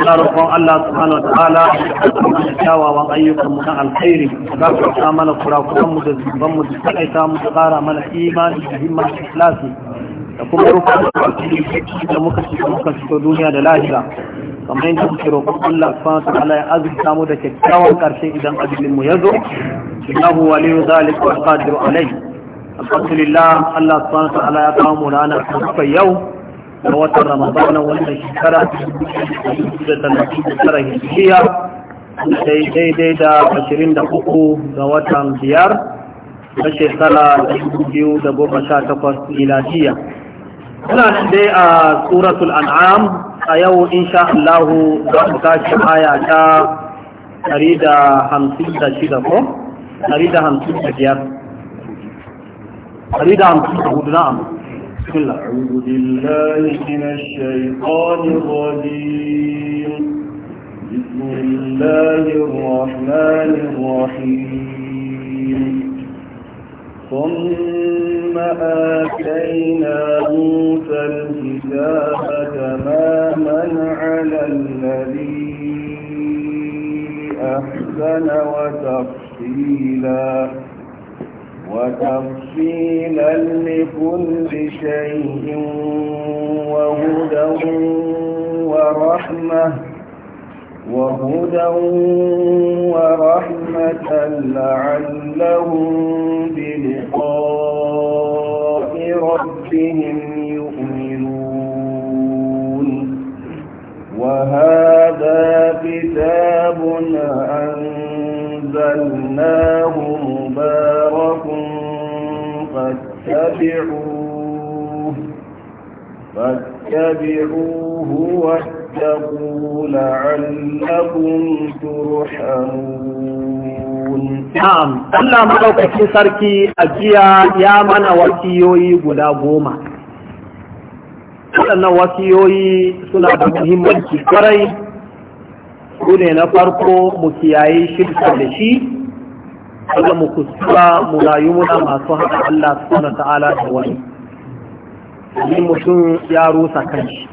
ina roƙon Allah subhanahu wataala ya kuma kyawawan ayyukan mu na alkhairi za ku ta mana kurakuran mu da zuban mu da kaita mu da ƙara mana imani da himma da ikhlasi da kuma rukun da muka ci muka fito duniya da lahira kamar yadda muke roƙon Allah subhanahu wataala ya azurta mu da kyakkyawan ƙarshe idan ajalin mu ya zo innahu waliyu zalika wal qadiru alayhi alhamdulillah Allah subhanahu wataala ya kawo mu ranar yau da watan ramadana wannan shekara da talatin da tara hijiriya daidai da ashirin da uku ga watan biyar na shekara da biyu da goma sha takwas miladiya muna nan dai a suratul an'am a yau insha Allah za mu tashi aya ta ɗari da hamsin da shida ko ɗari da hamsin da biyar ɗari da hamsin da hudu أعوذ بالله من الشيطان الرجيم بسم الله الرحمن الرحيم ثم آتينا موسى الكتاب تماما على الذي أحسن وتفصيلا وتفصيلا لكل شيء وهدى ورحمة وهدى ورحمة لعلهم بلقاء ربهم يؤمنون وهذا كتاب أنزل أنزلناه مبارك فاتبعوه فاتبعوه واتقوا لعلكم ترحمون نعم الله مدوكتين سركي أجيا يا من وكيوي غدا goma waɗannan wasiyoyi suna da muhimmanci kwarai su ne na farko mu kiyaye shirka da shi kada mu kusura mu rayu muna masu haɗa Allah subhanahu ta'ala da wani ni mutum ya rusa kanshi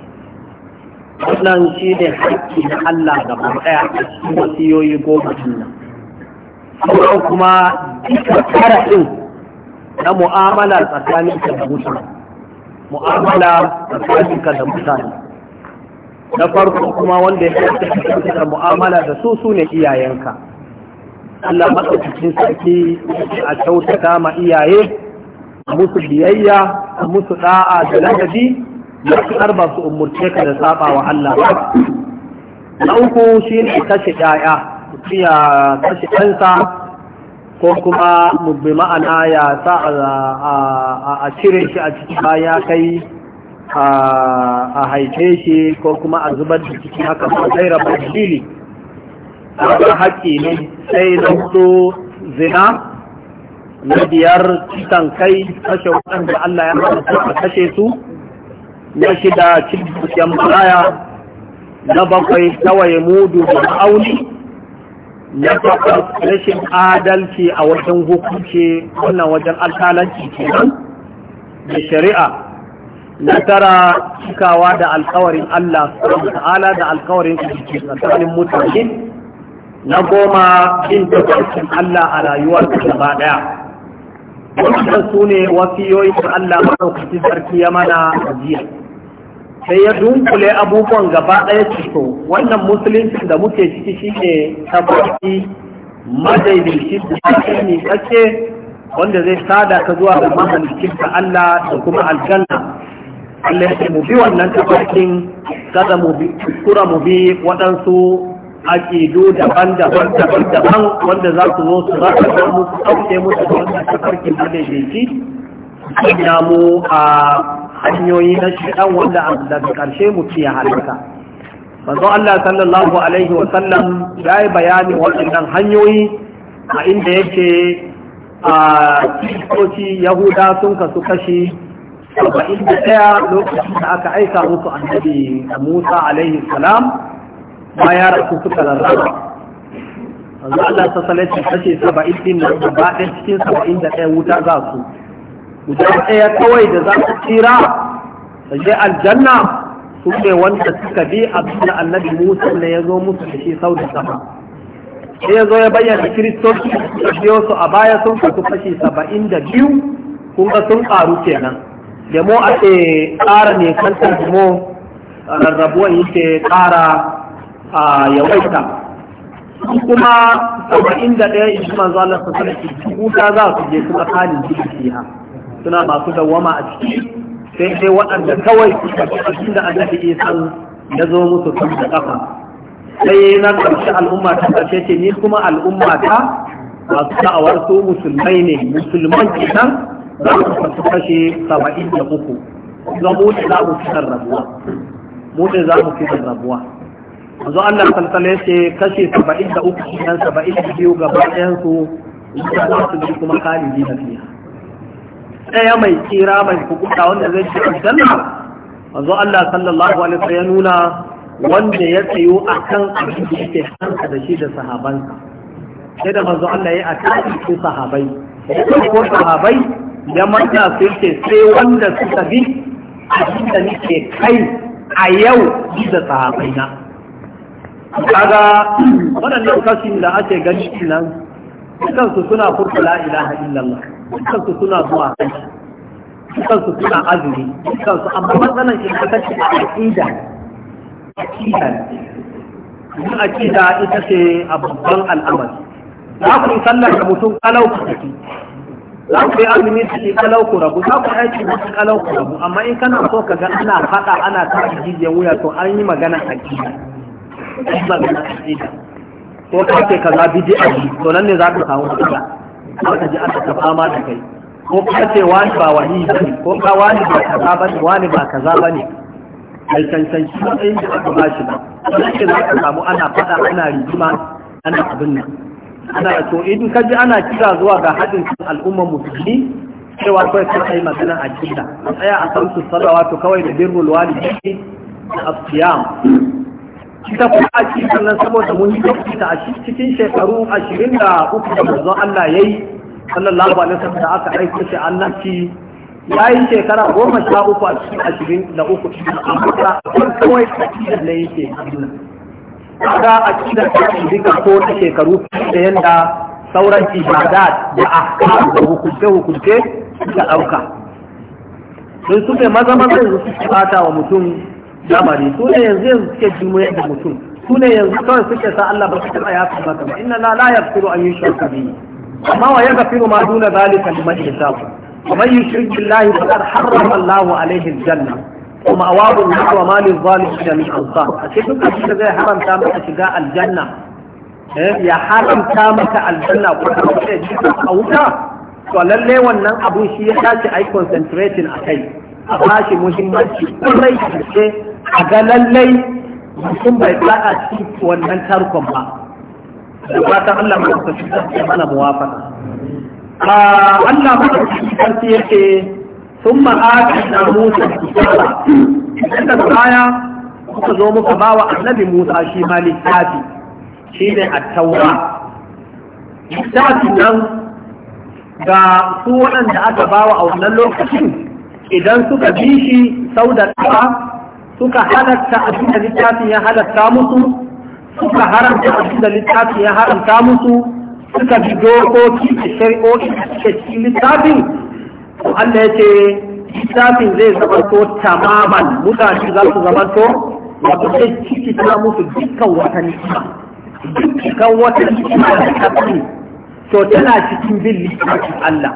wannan shi ne haƙƙi na Allah gaba ɗaya a cikin wasiyoyi goma nan sauran kuma duka tara din na mu'amala ka da mutane mu'amala ka da mutane na farko kuma wanda ya fi da mu'amala da su su ne iyayenka Allah maɗaukacin sarki a kyautata ma iyaye musu biyayya musu da'a da ladabi fi ba su umurce ka da saba wa Allah ba na uku shi ne kashe shi ya kashe ɗansa ko kuma mu bi ma'ana ya sa a cire shi a ciki baya kai a haife shi ko kuma a zubar da ciki haka ba sai rabar jili haka haƙi ne sai na so zina na biyar cikin kai kashe waɗanda Allah ya haɗa a kashe su na shida cikin baya na bakwai kawai mudu da auni na takwas rashin adalci a wajen hukunci wannan wajen alkalanci nan da shari'a na tara cikawa da alkawarin Allah ta'ala da alkawarin kusurci tsakanin mutane na goma jin tafarkin Allah a rayuwar gaba daya wannan su ne wasiyoyin da Allah maɗaukacin sarki ya mana jiya sai ya dunkule abubuwan gaba ɗaya ciko wannan musulunci da muke ciki shi ne tafarki madaidaici da shi ne kake wanda zai sada ka zuwa ga da Allah da kuma aljanna Allah ya ce mu bi wannan tafarkin kada mu bi kura mu bi waɗansu aƙidu daban-daban daban-daban wanda za su zo su raka da mu su ɗauke mu da wannan tafarkin da shi ya mu a hanyoyi na shiɗan wanda daga ƙarshe mu ciye halaka. Manzo Allah sallallahu alaihi wa sallam ya yi bayanin waɗannan hanyoyi a inda yake a kiristoci Yahuda sun kasu kashi saba'in da ɗaya lokacin da aka aika musu annabi Musa alaihi salam ma ya rasu suka rarraba yanzu Allah ta salaci kashe saba'in ɗin nan gaba ɗaya cikin saba'in da ɗaya wuta za su guda ɗaya kawai da za su tsira da je aljanna su ne wanda suka bi a da annabi Musa ne ya zo musu da shi sau da sama sai ya zo ya bayyana kiristoci da biyo su a baya sun kasu kashi saba'in da biyu kun ga sun ƙaru kenan da mu ake ƙara ne kantar mu rarrabuwa yake ƙara a yawaita kuma saba'in inda ɗaya in kuma zuwa lasa sarki wuta za su je su tsakanin jirgi ha suna masu dawama a ciki sai dai waɗanda kawai suka ci cikin da annabi isan ya zo musu kan da ƙafa sai na ƙarshe al'umma ta ƙarshe ce ni kuma al'umma ta masu da'awar su musulmai ne musulman kenan za mu su kashe saba'in da uku ga mu ne za mu fitar rabuwa mu ne za mu fitar rabuwa yanzu Allah salsala ya ce kashe saba'in da uku nan saba'in da biyu gaba ɗayansu wuta za su bi kuma kalili da fiya ɗaya mai tsira mai hukunta wanda zai ce aljanna yanzu Allah sallallahu alaihi wasallam ya nuna wanda ya tsayo akan abin da yake kansa da shi da sahabansa sai da manzo Allah ya yi a tashi sahabai ko sahabai ya murna su ce sai wanda suka bi da nake kai a yau bi da sahabai na kaga waɗannan kashi da ake gani nan dukansu suna furta la'ila ilaha illallah dukansu suna zuwa kai dukansu suna azumi dukansu amma matsalan shi ta kashi a aqida aqida ne aqida ita ce a babban al'amari za ku yi sallar da mutum kalau ka tafi za ku yi azumi da shi kalau ku rabu za ku aiki da shi kalau ku rabu amma in kana so ka ga ana faɗa ana tashi jijiyar wuya to an yi magana a gida an magana a gida ko ka ce ka za bidi a ji to nan ne za ka samu matsala za ka ji aka taɓa ma da kai ko ka ce wani ba wani ba ne? ko ka wani ba kaza ba ne wani ba kaza ba ne Mai cancan shi matsayin da aka ba shi ba za ka samu ana faɗa ana rigima ana abin nan ana to idan ka ji ana kira zuwa ga haɗin kan al'ummar musulmi cewa kawai kar a yi magana a kida a tsaya a san su sallawa to kawai da birrul walidi da asiyam kita kuma a cikin sannan saboda mun yi ta a cikin shekaru ashirin da uku da manzon Allah ya yi sallallahu alaihi wasallam da aka aika shi annabci ya yi shekara goma sha uku a cikin ashirin da uku a kawai a ne yake a a cikin ta duka ko na shekaru da yanda sauran ibadat da ahkam da hukunce hukunce suka ɗauka. sun su ne maza maza yanzu su bata wa mutum zamani su ne yanzu yanzu suke jimo da mutum su ne yanzu kawai suke sa Allah ba su taɓa ya fi maka ba inna la la yaghfiru an yushraka bihi amma wa yaghfiru ma duna zalika liman yasha wa man yushrik billahi faqad harrama Allahu alayhi al kuma awabun na wa malin zalimi da min ansa a cikin abin da zai haramta maka shiga aljanna eh, ya haramta maka aljanna ko kuma a wuta to lalle wannan abun shi ya dace ai concentrating a kai a bashi muhimmanci kullai ce a ga lallai mutum bai tsaka cikin wannan tarkon ba da fatan Allah mai kusa shi mana ah, Allah mu kusa shi yake ثم آتنا موسى الكتاب عند الآية وقزوم كباوة النبي موسى شيما للتاتي شين التوراة littafin nan ga su waɗanda aka bawa a wannan lokacin idan suka bi shi sau da ƙafa suka halatta abin da littafin ya halatta musu suka haramta abin da littafin ya haramta musu suka bi dokoki da shari'o'i da cikin littafin to Allah ya ce littafin zai zama to tamaman mutane za su zama to wato sai ciki ta musu dukkan wata nisa dukkan wata nisa da ta to tana cikin bin littafin Allah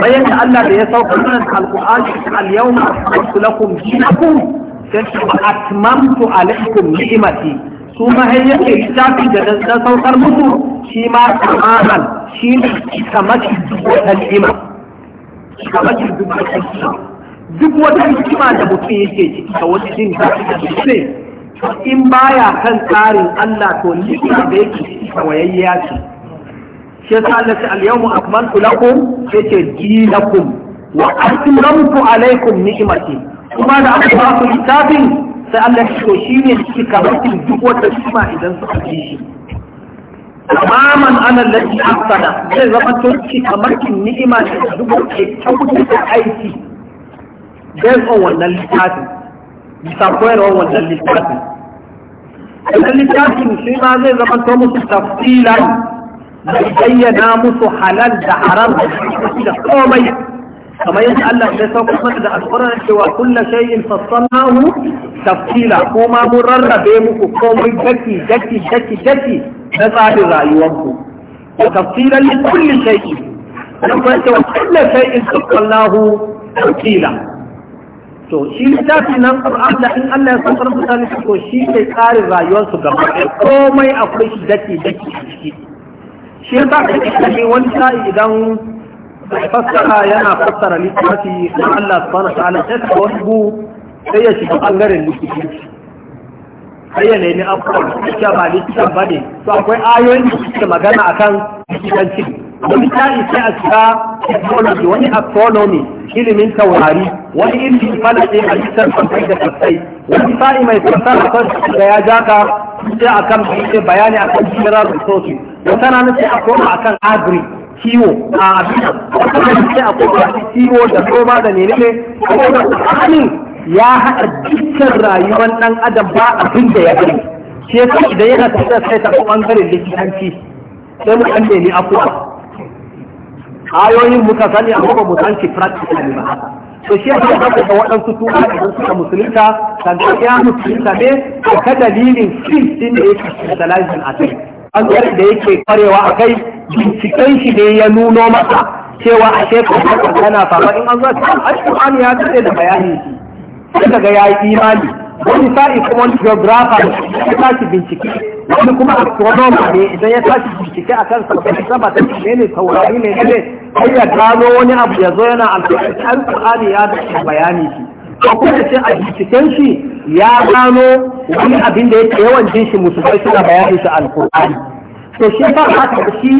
bayan da Allah da ya sauka nan alqur'ani al-yawma akmaltu lakum dinakum sai wa atmamtu alaykum ni'mati su ma har yake littafin da na saukar musu shi ma tamaman shi ne kamar wata ni'ima duk wata hikima duk wata hikima da mutum yake ciki da wata jin da mutum in baya kan tsarin Allah to hikima da yake ciki kawayayya ce shi yasa Allah ta al-yawmu akmaltu lakum yace dinakum wa atmamtu alaykum ni'mati kuma da aka ba ku sai Allah ya shi ne cika kamar duk wata hikima idan suka ji shi amaman ana lalli abada zai zama turki kamar kin ni'ima da dubu ke da aiki based on wannan littafin bisa koyarwar wannan littafin wannan littafin shi ma zai zama to musu tafsilan mai bayyana musu halal da haram da komai kamar yadda Allah ya sauka mana da alƙur'ani cewa kullu shay'in fassalnahu tafsila kuma mun rarrabe muku komai daki daki daki daki na tsarin rayuwarku wa tafsiran li kulli shay'i dan ba ta kulli shay'in sallallahu tawkila to shi littafi nan Qur'an da in Allah ya saukar ta nufi ko shi ke tsarin rayuwarsu gaba komai akwai shi dake dake a ciki shi yasa kake kashe wani sa'i idan fassara yana fassara littafi na Allah subhanahu wa ta'ala sai ka wani sai ya shiga bangaren likitanci. sai ya nemi afuwar likita ba likita ba ne to akwai ayoyin da suke magana akan likitanci da misali sai a shiga technology wani astronomy ilimin taurari wani ilimin falaɗe a cikin kwanfai da kasai wani sa'i mai fasara kan da ya jaka sai akan bayani akan general resources wata rana sai a koma akan agri kiwo a abin wata rana sai a koma kiwo da noma da menene ne ya haɗa dukkan rayuwar ɗan adam ba abin da ya gani shi yasa idan yana tafiya sai ta kuma ɓangaren likitanci sai mu ɗan nemi afuwa ayoyin muka sani a kuma mu san ki practically ba to shi yasa ka ga waɗansu tuwa idan suka musulunta kan ta ya musulunta ne ka dalilin fil din da yake specializing a kai an da yake kwarewa a kai binciken shi ne ya nuno masa cewa a shekaru tana fama in an zo a cikin ya tsaye da bayani sai daga ya yi imani wani sa'i kuma wani ya tashi bincike wani kuma astronomer ne idan ya tashi bincike a kan sabbin sama ta ne ne taurari ne ne sai ya gano wani abu ya zo yana alƙur'ani ya da bayani shi ko kuma ce a binciken shi ya gano wani abin da yake yawan jin shi musulmai suna bayanin shi alƙur'ani to shi fa haka shi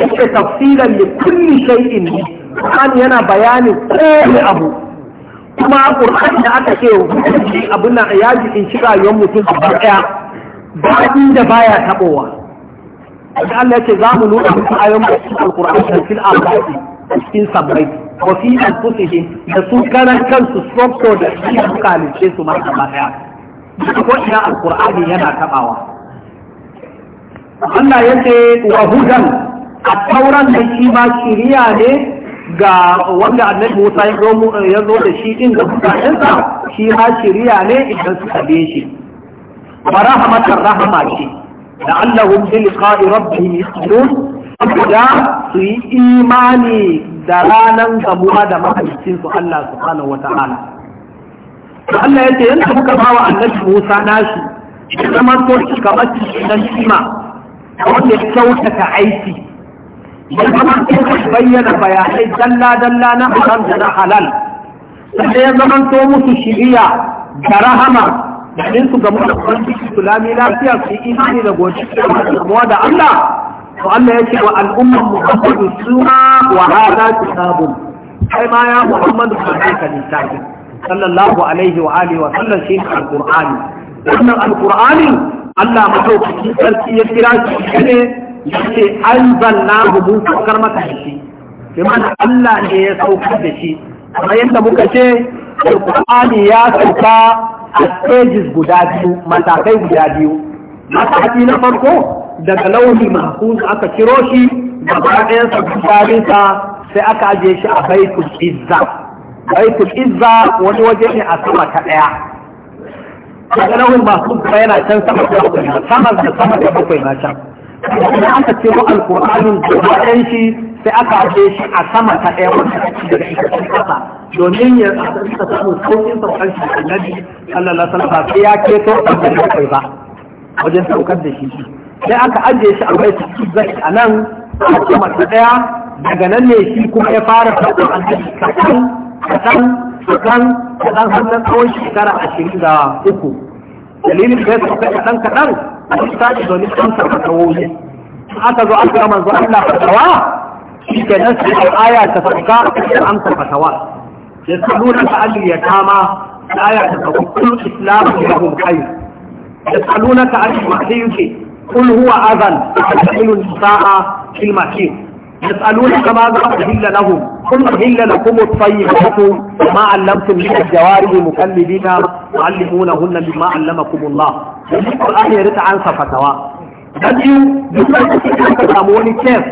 yake tafsiran li kulli shay'in Qur'ani yana bayanin kowane abu kuma ƙur'ani da aka ce abin na ya ji in shiga rayuwar mutum a ɗaya ba inda baya taɓowa da Allah ya ce za mu nuna mutum yawan mutum a alƙur'ani da fil alƙaƙi a cikin sabbai wa fi anfusihim da su karan kansu sokko da shi a suka halice su ma a ɗaya ko ina alƙur'ani yana taɓawa Allah ya ce wa hudan a tauran da shi ma shirya ne ga wanda annabi Musa ya zo ya zo da shi din ga mutanensa shi ha shiriya ne idan suka be shi farahmatar rahama ce la'allahum bi liqa'i rabbihim yu'minun saboda su yi imani da ranan gamuwa da mahaifin su Allah subhanahu wata'ala Allah yin su muka bawa annabi Musa nashi zama to shi kamar cikin kima wanda ya kyautata aiki bayyana bayanai dalla-dalla na haram da na halal sai ya zamanto musu shiriya da rahama domin su gamu da kwanci su lami lafiya su yi imani da goci da da Allah to Allah ya ce wa al'ummar Muhammadu suna wa hada kitabun kai ma ya Muhammadu sallallahu alaihi wa sallallahu alaihi wa alihi wa sallam shi ne al-Qur'ani wannan al-Qur'ani Allah madaukaki sarki ya kira shi ne yace anzalnahu mun saukar maka shi bi Allah ne ya saukar da shi amma yadda muka ce alqur'ani ya sauka a stages guda biyu matakai guda biyu mataki na farko daga launi mahfuz aka kiro shi da ɗayan sa sai aka ajiye shi a baitul izza baitul izza wani waje ne a sama ta ɗaya daga lauhi mahfuz yana can sama da sama ta bakwai na can idan aka ce wa alƙur'anin da shi sai aka ajiye shi a sama ta ɗaya wanda ake daga ikon ƙasa domin ya ka samu sauƙin saukar shi annabi sallallahu alaihi wasallam sai ya ke to da ya kai ba wajen saukar da shi sai aka aje shi a baiti zai a nan a sama ta ɗaya daga nan ne shi kuma ya fara faɗin annabi kaɗan kaɗan kaɗan kaɗan har na tsawon shekara ashirin da uku dalilin da ya sauka kaɗan kaɗan a cikin tashi domin amsar fatawoyi aka zo aka manzo Allah fatawa shi ke nan sai aya ta sauka ta amsar fatawa ya saluna ta alli ya kama aya ta sauka kullu islamu lahum kai. ya saluna ta alli ma sai yake kul huwa adhan tahilun sa'a fil mahir يسألونك ماذا أحل لهم قل أحل لكم الطيبات وما علمتم من الجوارح مكلبين تعلمونهن مما علمكم الله القرآن يرد عن صفتها نجي يسألوني كيف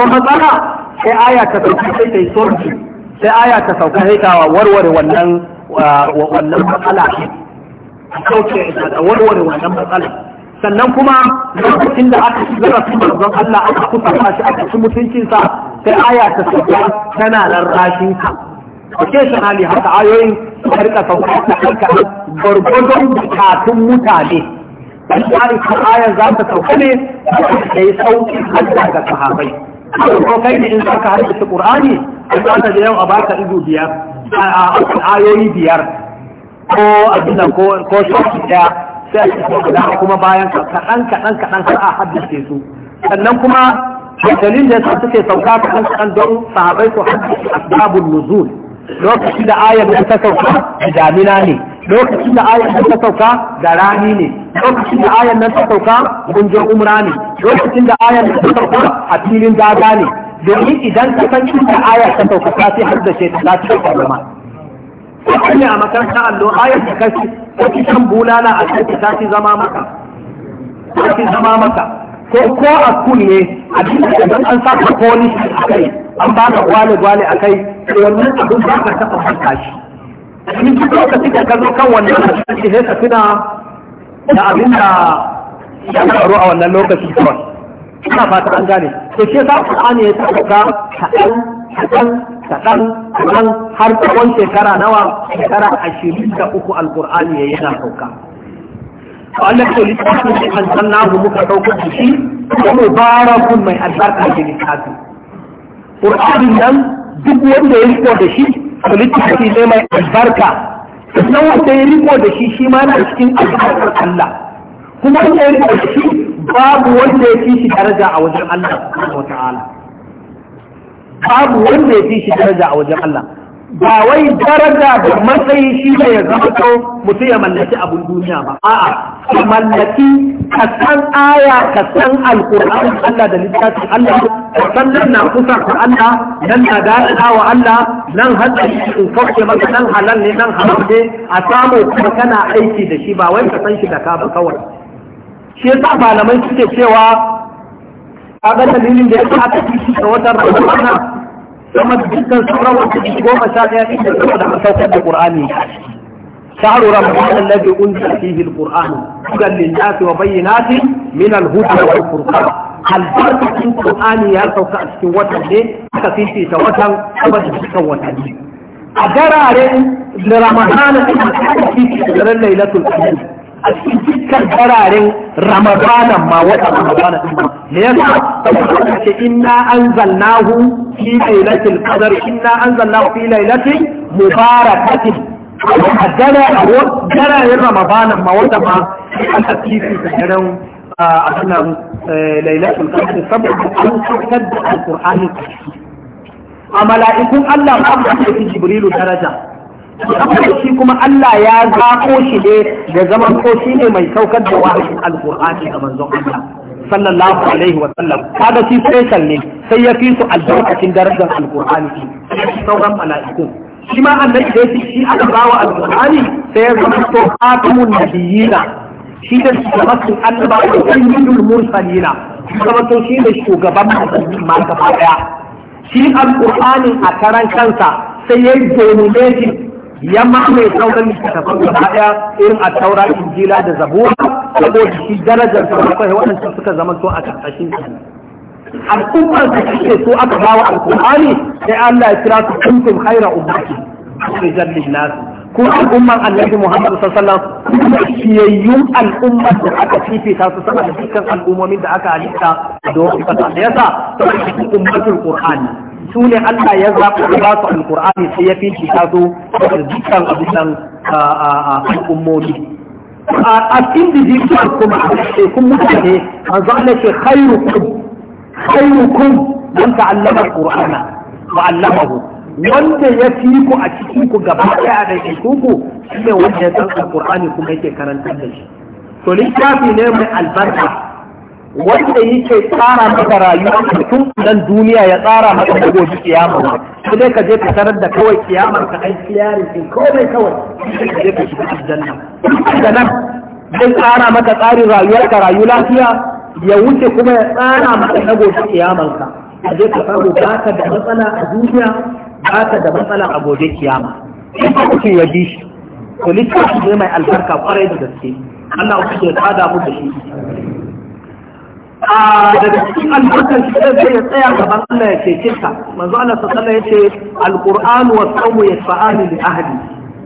ومثلا sai aya ta sauka sai ta yi sorki sai aya ta sauka sai ta warware wannan wannan matsala sauke warware wannan matsala sannan kuma lokacin da aka shiga rasu manzon Allah aka kusa shi aka ci mutuncinsa sai aya ta sauka tana nan rashin ka occasion ali haka ayoyin suka rika sauka ta haka gwargwadon bukatun mutane dan tsari ta za ta sauka ne da ya sauki hadda ga sahabai ko kai ne in zaka haddace ƙur'ani, in ka da yau a baka ido biyar a ayoyi biyar ko abin ko ko daya sai a cikin kuma bayan kaɗan kaɗan kaɗan har a haddace su sannan kuma dalilin da yasa suke sauka kaɗan kaɗan don sahabai su haddace asbabul nuzul lokacin da ayar da ta sauka da damina ne lokacin da ayar da ta sauka da rani ne lokacin da ayar nan ta sauka gunjin umra ne lokacin da ayar nan ta sauka a filin daga ne domin idan ka san inda aya ta sauka ta fi haddace ta za ta sauka zama. kuma a makarantar allo ayar da kashi ɗauki shan bulala a cikin ta fi zama maka ta fi zama maka ko ko a kunne abin da idan an saka polish a kai an ba ka gwale gwale a kai wannan abin ba ka taɓa haka shi domin duk lokacin da ka zo kan wannan a cikin sai ka tuna da abin da ya faru a wannan lokacin kawai ina fata an gane to shi yasa Qur'ani ya tabbata kaɗan kaɗan kaɗan kaɗan har tsawon shekara nawa shekara ashirin da uku alƙur'ani ya yana sauka Allah ke littafin shi an san nahu muka ɗaukar da shi da mubarakun mai albarka da littafin ƙur'anin nan duk wanda ya riko da shi to littafi ne mai albarka sannan wanda ya riko da shi shi ma na cikin albarkar Allah kuma wanda ya riko da shi babu wanda ya fi shi daraja a wajen Allah subhanahu wa ta'ala babu wanda ya fi shi daraja a wajen Allah ba wai daraja da matsayi shi ne ya zama ko mutum ya mallaki abin duniya ba a'a ka mallaki ka san aya ka san alqur'ani Allah da littafin Allah ka san nan na kusa ka Allah nan na da'ida wa Allah nan hadari in kauce maka nan halal ne nan haram ne a samu kuma kana aiki da shi ba wai ka san shi da ka ba kawai shi yasa malamai suke cewa kaga dalilin da ya sa aka ci shi a watan ramadana sama dukkan sauran wata goma sha ɗaya ɗin da saboda an saukar da ƙur'ani شهر رمضان الذي أنزل فيه القرآن هدى للناس وبينات من الهدى والفرقان البركة في القرآن يا سوكا أشكين وطن ليه أكا في وطن أبدا في وطن ليه أجرى لرمضان في ليلة القدر a cikin cikin kararen ramadana ma wata ramadana din ma me yasa saboda ce inna anzalnahu fi lailatul qadr inna anzalnahu fi lailatin mubarakatin a dare a daren ramadana ma wata ma aka kifi da daren a sunan eh, lailatul qadr saboda an fitar da alqur'ani a mala'ikun Allah ba su ce jibrilu daraja shi kuma Allah ya zaɓo shi ne da zaman ko shi ne mai saukar da wahayin alƙur'ani ga manzon Allah sallallahu alaihi wa sallam kaga shi special ne sai ya fi su albarkacin darajar alƙur'ani sauran mala'iku shi ma annabi dai shi aka bawa alƙur'ani sai ya zama to khatamun nabiyina shi da shugabancin annaba da sayyidul mursalina Kuma to shi ne shugaban manzon ma gaba daya shi alƙur'anin a karan kansa sai ya yi dominating ya mamaye sauran littattafan gaba daya irin a taura injila da zabura saboda shi darajar su da kai waɗanda suka zama to a karkashin su al'ummar da kake so aka bawa alqur'ani sai Allah ya kira su kuntum khaira ummati rijal linnas ko al'ummar annabi Muhammad sallallahu alaihi wasallam kiyayyun al'ummar da aka fifita su sama da dukkan al'ummomin da aka halitta da wasu kasa yasa saboda ummatul qur'ani su ne Allah ya zaɓa da ba su alƙur'ani sai ya fi shi ta zo da dukkan abinan al'ummomi a individual kuma sai kun mutane manzo Allah ce khairukum khairukum man ta'allama alqur'ana wa 'allamahu wanda ya fi ku a cikin ku gaba ɗaya da cikin ku wanda ya san alqur'ani kuma yake karantar da shi to littafi ne mai albarka wanda yake tsara maka rayuwa tun nan duniya ya tsara maka da gobe kiyama ko dai ka je ka sanar da kawai kiyama ka ai kiyarin din komai kawai ka je ka shiga aljanna da nan zai tsara maka tsarin rayuwar ka rayu lafiya ya wuce kuma ya tsara maka na gobe kiyaman ka ka je ka samu baka da matsala a duniya baka da matsala a gobe kiyama in ka kuke ya bi shi to littafi ne mai albarka kwarai da gaske Allah ya tsada mu da shi daga cikin albarkar shi zai ya tsaya gaban Allah ya cece ka manzo Allah sallallahu ya ce alquran wa sawmu yasfa'ani li ahli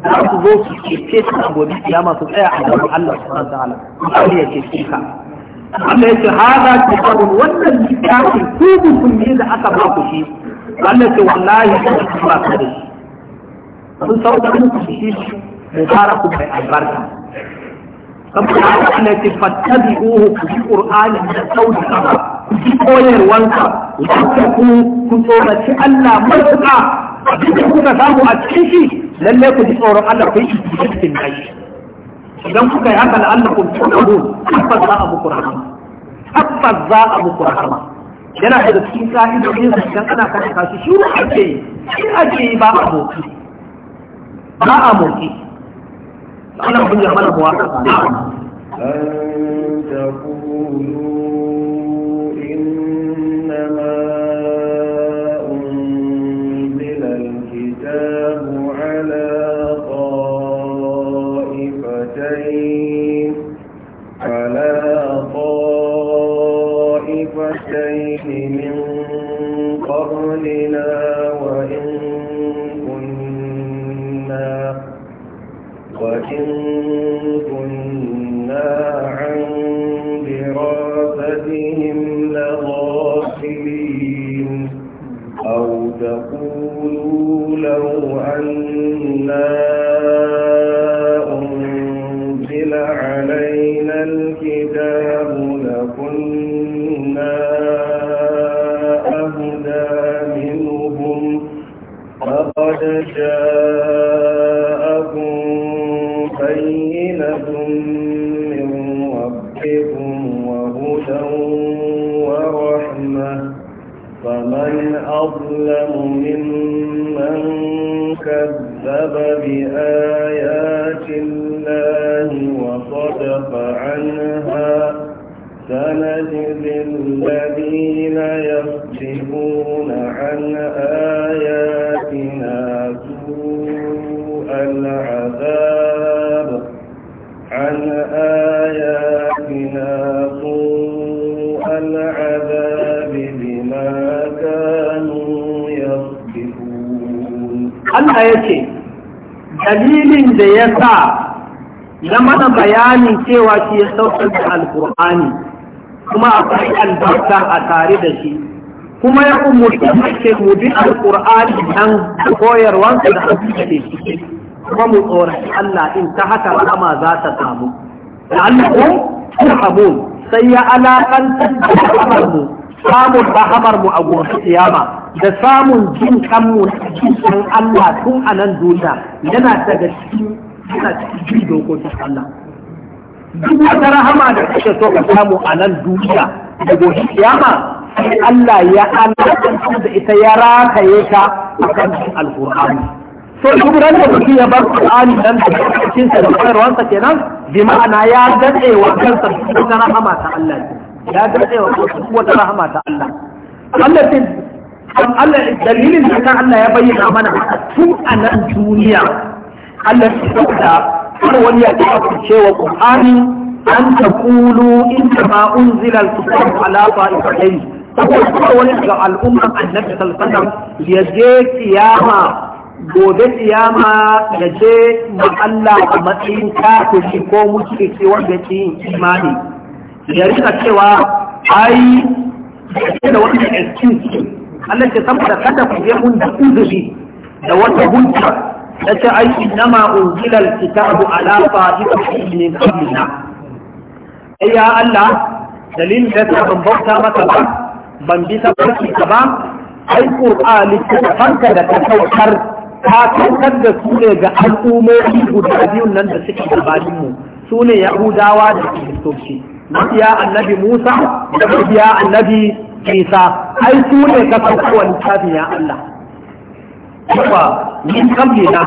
za su zo su cece ka a gobe kiyama su tsaya a gaban Allah subhanahu wa ta'ala Allah ya cece ka Allah ya ce hada kitabun wannan littafi kubun kunne da aka ba ku shi Allah ce wallahi ba ka da shi sun sauka muku shi mubarakun mai albarka saboda haka ana ce qur'ani da sauti ku ji koyarwansa ku ku tsoraci Allah matuƙa abinda kuka samu a cikin shi lalle ku ji tsoron Allah ku yi cikin nashi idan kuka yi haka la'allakum tuqadun tabbas za a muku rahama tabbas za a muku rahama yana daga cikin ka'idodin idan ana kashe kashi shi ake yi shi ake yi ba a motsi ba a motsi ana kun ya mana kuwa an وإن كنا عن دراستهم لغافلين أو تقولوا لو أنا أنزل علينا الكتاب لكنا أهدى منهم فقد جاء رحمة من ربكم وهدى ورحمة فمن أظلم ممن كذب بآيات الله عنها الذين يصدقون عن آيات آياتنا سوء العذاب بما كانوا يصدفون الله يكي دليل ديسا لما بيان cewa shi ya saukar da alkur'ani kuma akwai albarka a tare da shi kuma ya umurta ake mu bi alkur'ani dan koyarwansa da abin da ke ciki kuma mu tsoron Allah in ta haka rahama za ta samu la'allakum turhamun sai ya alaƙantar da mu samun rahamar mu a gobe kiyama da samun jin kanmu cikin Allah tun a nan duniya yana daga cikin yana cikin jin dokokin Allah duk wata rahama da kake so ka samu a nan duniya da gobe kiyama sai Allah ya alaƙantar da ita ya rakaye ta akan Alƙur'ani. to kuburan da mutum ya bar Qur'ani nan da cikin sa da koyarwansa kenan bi ma'ana ya dade wa kansa wata rahama ta Allah ya dade wa kansa wata rahama ta Allah Allah din Allah dalilin da Allah ya bayyana mana tun a nan duniya Allah ya da kuma wani ya tafi cewa Qur'ani an taqulu in ma unzila al-kitabu ala ta'ifatayn saboda wani ga al'umman annabi sallallahu alaihi wasallam ya je kiyama gobe kiyama da ce ma Allah a matsayin kafiri ko mushriki wanda ke imani ya rika cewa ai da wani excuse Allah ke saboda kada ku je mun da uzuri da wata hujja da ce ai innama unzila alkitabu ala fa'idati min qablina ai ya Allah dalilin da ta ban bauta maka ba ban bi ta ka ba ai qur'ani ta fanka da ta saukar ta kankan da su ne ga al'ummomi guda biyun nan da suke gabanin mu su ne yahudawa da kiristoci mafiya annabi musa da mafiya annabi isa ai su ne ka kankan littafin ya allah kuma min kamlina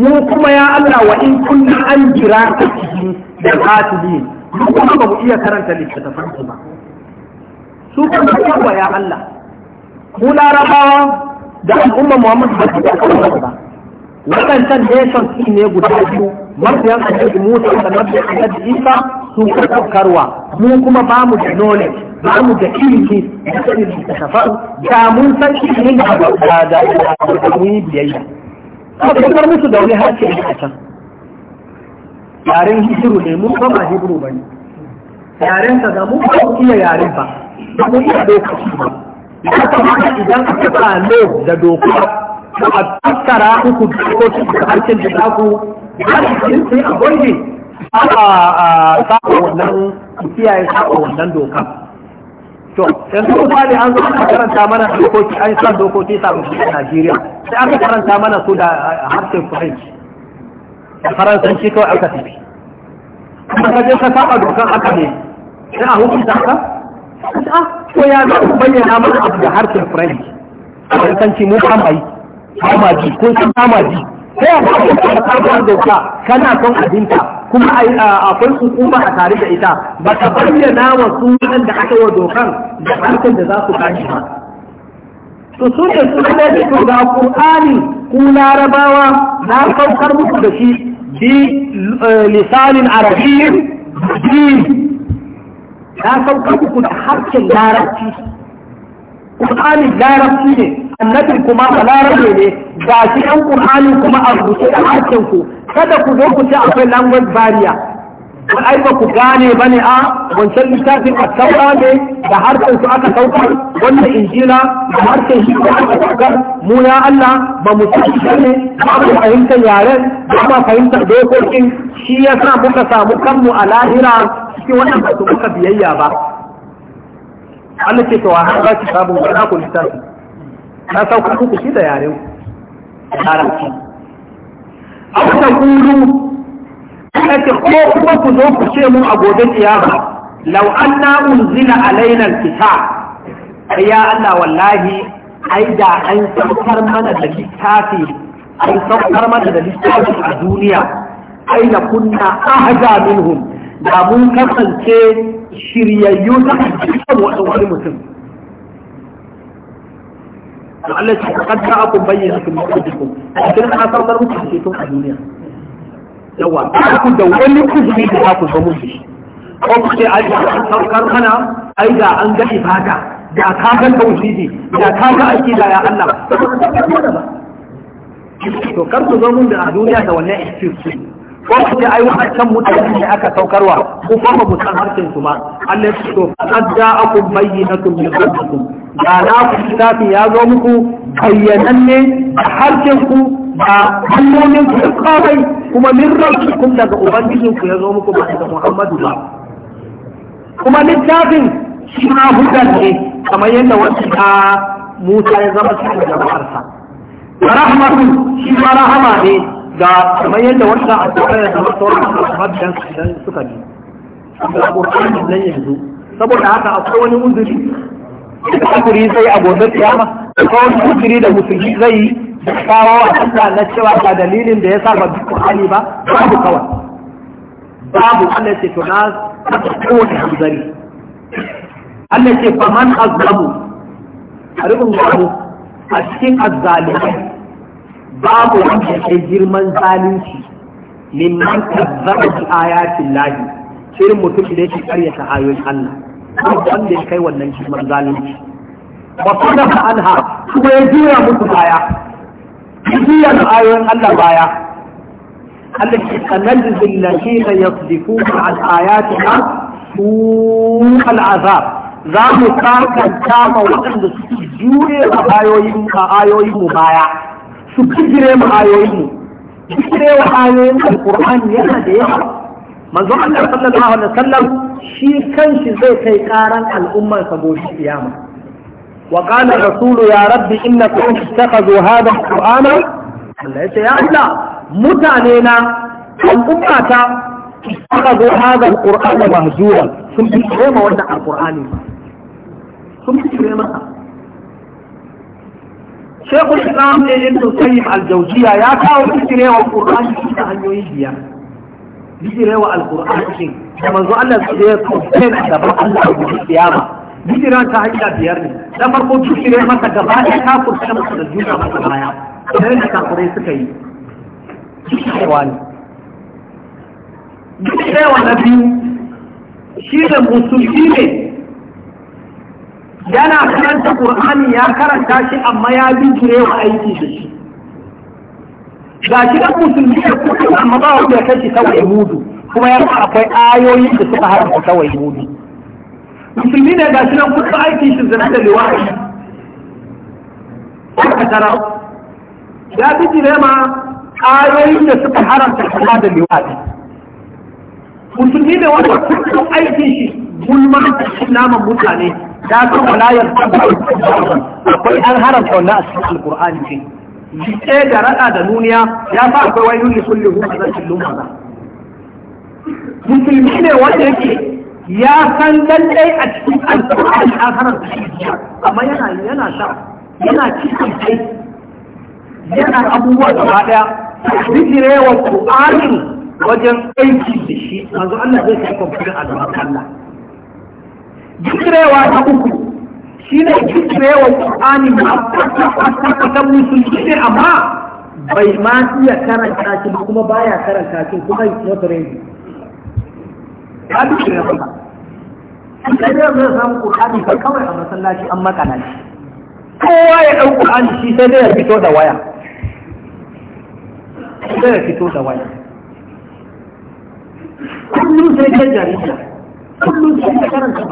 mu kuma ya allah wa in kunna an jira ka cikin da katili mu kuma ba mu iya karanta littattafan su ba su kuma ya allah mu larabawa da al'ummar Muhammadu ba su da kawai ba. Waɗancan nation shi ne guda biyu, Masu annabi Musa da mabiyan annabi Isa sun ka karwa, mu kuma ba mu da knowledge, ba mu da ilimi da sani da ta shafa, da mun san ne da abu da da mu yi biyayya. Kuma kamar musu da wani harshe a can. Yaren Hijiru ne, mun kama Hijiru ba ne. Yaren ka ga ba ku iya yaren ba, ba mu iya lokaci ba. haka idan aka sa lo da doka to a tattara uku dokokin da harshen da taku har sai a gwaje a saba wannan kiyaye saba wannan doka to yanzu misali an zo aka karanta mana dokoki an sa dokoki sababbi a Najeriya sai aka karanta mana su da harshen French da Faransanci kawai aka tafi kuma ka je ka saba dokan aka ne sai a hukunta ka ko ya za ku bayyana mana abu da harshen French a kanci mu kama yi kama ji ko san kama ji ko ya ba ku da sabon doka kana son abinta kuma akwai hukuma a tare da ita ba ta bayyana wa sunan da aka wa dokan da harshen da za su kashi ba to su ne su ne su ga Qur'ani ku larabawa na saukar muku da shi bi eh, lisanin arabiyyin bi na sauka muku da harshen larabci Qur'ani larabci ne annabin kuma a larabe ne ga shi ɗan Qur'ani kuma a rubuce da harshen ku kada ku zo ku ce akwai language barrier ai ba ku gane ba ne a wancan littafin a taura ne da harshen su aka saukar wannan injila da harshen shi ko aka saukar mu ya Allah ba mu san shi ne ba mu fahimtar yaren ba mu fahimtar dokokin shi yasa muka samu kanmu a lahira cikin wannan ba su muka biyayya ba Allah ce to a har ba ki sabu ba na ku littafi na sauka ku shi da yare da larabci aw ta kulu kana ce ko kuma ku zo ku ce mu a gobe kiyama law anna unzila alaina alkitab ya Allah wallahi ai da an saukar mana da littafi an saukar mana da littafi a duniya aina kunna ahada minhum da mun kasance shiryayyu ta kan wani mutum da Allah ce ka kadda aku bayyana kun mutum a cikin ka samar muku ce tun a duniya yawa ku da wani uzuri da za ku zo mun shi ko ku ce ai an saukar kana ai da an ga ibada da ka ga tauhidi da ka ga akida ya Allah to kar ku zo mun da a duniya da wannan excuse ko ku ce ai wa'ancan mutane ne aka saukarwa ku ba mu san harshen su ma Allah ya to qad ja'akum bayyinatun min rabbikum ga na ku kitabi ya zo muku ne harshen ku ba kalmomin ku kawai kuma min rabbikum daga ubangijin ku ya zo muku ba daga Muhammadu ba kuma littafin shi ma hudan ne kamar yadda wasu ta Musa ya zama cikin jama'arsa. Rahmatu shi ma rahama ne ga kamar yadda wannan a tsoron ya zama sauran sahabbiyan idan suka bi da abokan nan yanzu saboda haka akwai wani uzuri da kafiri zai a gobe kiyama ko wani uzuri da musulmi zai yi da kawo a kasa na cewa ga dalilin da ya sa ba duk hali ba babu kawai babu Allah ce to na kowane hanzari Allah ce faman azlamu a rubun gabo a cikin azzalimai babu wanda ya girman zalunci min mimman kazzaba bi ayatin lahi irin mutum da yake karyata ayoyin Allah babu wanda ya kai wannan girman zalunci wa sadaqa anha kuma ya jira musu baya ya jira ayoyin Allah baya Allah ke sanalzi ya yasdifuna an ayatina su al'azab za mu kakanta ma waɗanda suke jure a ayoyin mu baya su kujire mu ayoyi kujire wa ayoyin alqur'ani yana da yawa manzo Allah sallallahu alaihi wasallam shi kanshi zai kai karan al'umman sa gobe kiyama wa qala rasul ya rabbi innakum ittakhadhu hadha alqur'ana Allah yace ya Allah mutane na al'ummata ittakhadhu hadha alqur'ana mahjura sun bi ma wannan alqur'ani sun bi ma shekul islam ne yin tausayin aljaujiya ya kawo bijirewa ƙur'ani shi ta hanyoyi biyar bijirewa alƙur'ani shi da manzo Allah su zai komplain a gaban Allah a guji kiyama bijiran ta hanya biyar ne na farko bijire masa gaba ɗaya ta kurta masa da juna masa baya sai da kafirai suka yi bijirewa ne bijirewa na biyu shi da musulmi ne yana karanta Qur'ani ya karanta shi amma ya bi wa aiki da shi ga shi ɗan musulmi ya kuka amma ba wanda ya kashi kawai mudu, kuma ya akwai ayoyi da suka haramta kawai mudu. musulmi ne ga shi nan kuka aiki shi zina da liwa'i Ya tara ya bi ma ayoyi da suka haramta kuma da liwa'i musulmi ne wanda kuka aiki shi gulma naman mutane ta kuma la akwai an haramta wannan a cikin alqur'ani ce jike da rada da duniya ya sa akwai wani yuli kulli hu azatin lumana musulmi ne wanda yake ya san lallai a cikin alqur'ani an haramta shi amma yana yana sha yana cikin kai yana abubuwa gaba daya zikirewa qur'anin wajen aiki da shi manzo Allah zai kai kwamfutar albarkar Allah jikirewa ta uku shi ne jikirewa ƙur'ani ba kwata-kwata musulmi ne amma bai ma iya karanta shi kuma baya karanta shi kuma yi mota rai ya duk ne ba sai dai zai samu ƙur'ani ba kawai a masallaci an makana shi kowa ya ɗau ƙur'ani shi sai dai ya fito da waya sai ya fito da waya kullum sai dai jarida kullum sai ka karanta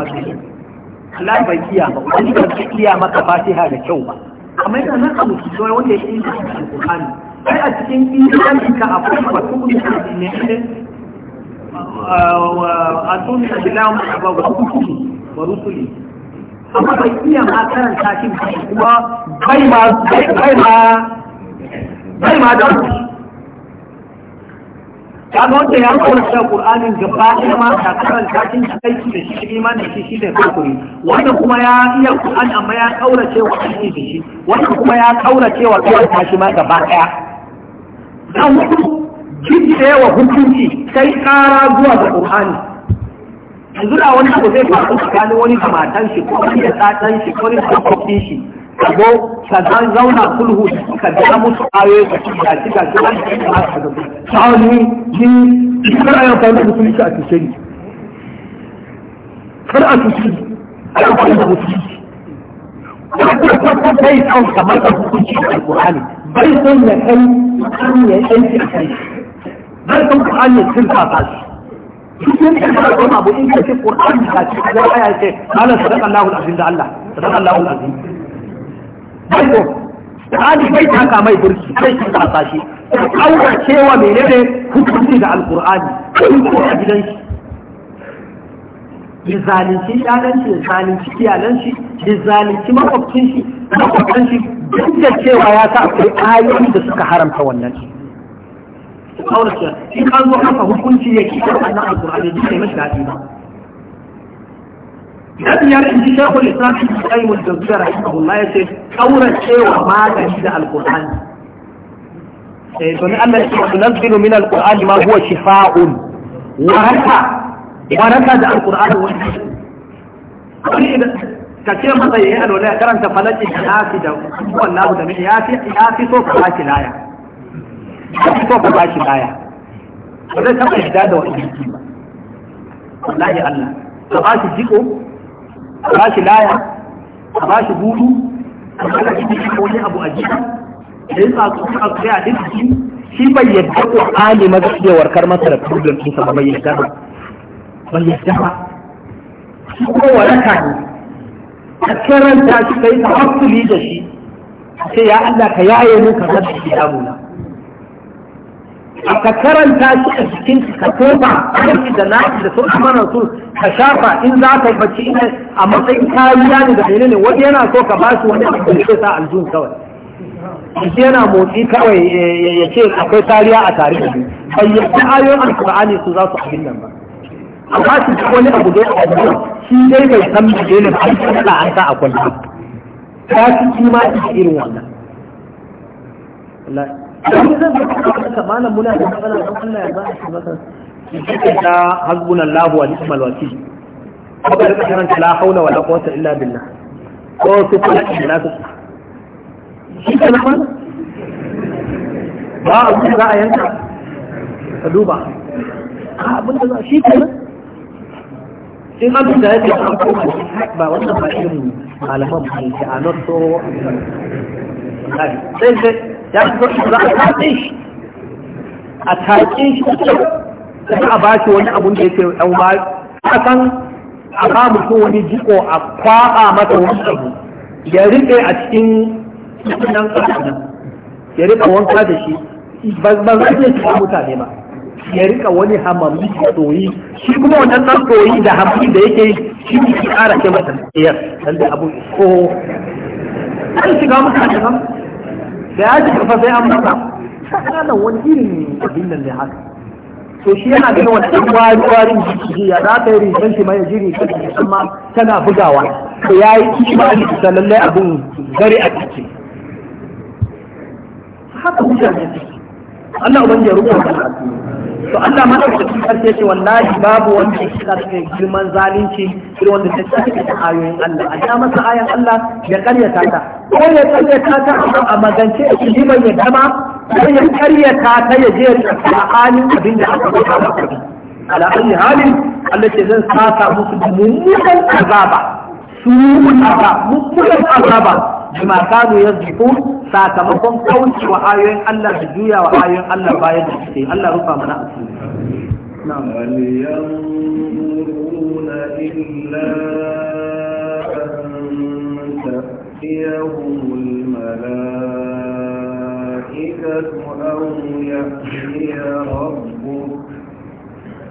Allah bai kiya ba wani ba kiya maka fatiha da kyau ba kamar yana nan abu ki wanda ya yi Al-Qur'ani. kai a cikin imani ka akwai wasu kuma ne ne a tun da bilawan ba ba ku kuki wa rusuli amma bai iya ma karanta shi kuma bai ma bai ma bai ma da kaga wanda ya karanta Qur'anin gaba ɗaya ma ta karanta shi aiki da shi da shi shi ne kafiri wanda kuma ya iya Qur'an amma ya kaurace wa aiki da shi wanda kuma ya kaurace wa karanta shi ma gaba ɗaya dan hudu jiji wa hukunci sai ƙara zuwa ga Qur'ani yanzu da wani abu zai faru tsakanin wani da matan shi ko wani da tsatan shi ko wani da shi ka zo ka zauna sulhu ka da musu ayoyi ka ci ga ci ga ci ka zo ni ni kar a yanka da musulunci a cuce ni kar a cuce ni a yanka da musulunci kai son kamar ka hukunci da alƙur'ani bai son ya kai ya yanki a kai bai son ƙur'ani ya cinta ba shi cikin ƙasar abu in ka ce ƙur'ani ka ce a aya ce malam sadaqa Allahu azim da Allah sadaqa Allahu azim baiko Qur'ani bai taka mai burki bai taka sashi kaura cewa menene hukunci da alqur'ani ko a gidan shi ya zalunci yanan shi ya zalunci iyalan shi ya zalunci makwabcin shi makwabcin shi duk da cewa ya sa akwai ayoyi da suka haramta wannan shi kaura cewa in an zo haka hukunci ya kiyar annan alqur'ani duk ne mashi daɗi ba هذه يعني شيخ الاسلام ابن القيم الجوزيه رحمه الله يسير ثورة شيء وما تجد القرآن يقول أن ننزل من القرآن ما هو شفاء ورفع ورفع القرآن هو كثير ما طيئة الولاء كرم تفلت الناس دو هو الله دمين ياتي ياتي صوف الله الآية ياتي صوف الله الآية وليس هو إحداد وإحداد الله الله فقاتل ذكو a ba shi laya a ba shi budu a kala shi ko wani abu a jiki da yin tsatsu a kai a jiki shi bai yadda ko ali maza iya warkar da problem din sa bai yadda ba bai yadda ba shi ko waraka ne a karanta shi kai ta hasuli da shi sai ya Allah ka yaye mu ka zama shi damuna ka karanta shi a cikin ka tofa aiki da na da sun amana su ka shafa in za ka yi bacci ina a matsayin kariya ne da menene wani yana so ka bashi wani abu da zai sa aljun kawai shi yana motsi kawai ya ce akwai kariya a tare da shi bayyana ayoyin alkur'ani su za su abin nan ba a bashi duk wani abu da ya abu shi dai bai san ne ba an kada an sa a kwalta ta fi imani irin wannan wani da hasbuna Allah wa ni'mal wakil ko da ka la haula wala quwwata illa billah ko su kula da nasu shi ba za a yanka ka duba abin da shi kana in abin da yake an koma ba wannan ba irin malaman ba ne a not sai sai ya fito shi za a taƙe shi a taƙe shi da a ba shi wani abun da yake ɗan ba a san a ba mutum wani jiko a kwaɓa masa wani abu ya riƙe a cikin nan ƙasa ya riƙa wanka da shi ba zai iya shiga mutane ba ya rika wani hamami da tsoyi shi kuma wannan ɗan tsoyi da hamami da yake shi ne ke kara ke mata tsayar dan da abu ko an shiga mutane ba da ya ji karfa sai an masa kanan wani irin abin nan ne haka to shi yana ganin wani ɗan wari warin jiki ya za ka yi rigar shi mai jiri amma tana bugawa to ya yi imani da lallai abin gari a ciki haka mutane Allah ubangiji ya rubuta to Allah ma ta cikin karshe ce wallahi babu wanda yake da cikin girman zalunci irin wanda ta cikin ayoyin Allah a da masa ayan Allah ya karyata ta ko ya karyata ta a magance shi bai ya dama ko ya karyata ta ya je a halin abin da aka faɗa maka ala ayi halin Allah ce zan saka musu mummunan azaba su azaba mummunan azaba bima kanu yazbikun sakamakon kauce wa ayoyin Allah da juya wa ayoyin Allah bayan da suke Allah rufa mana asiri هل ينظرون إلا أن تأتيهم الملائكة أو يأتي ربك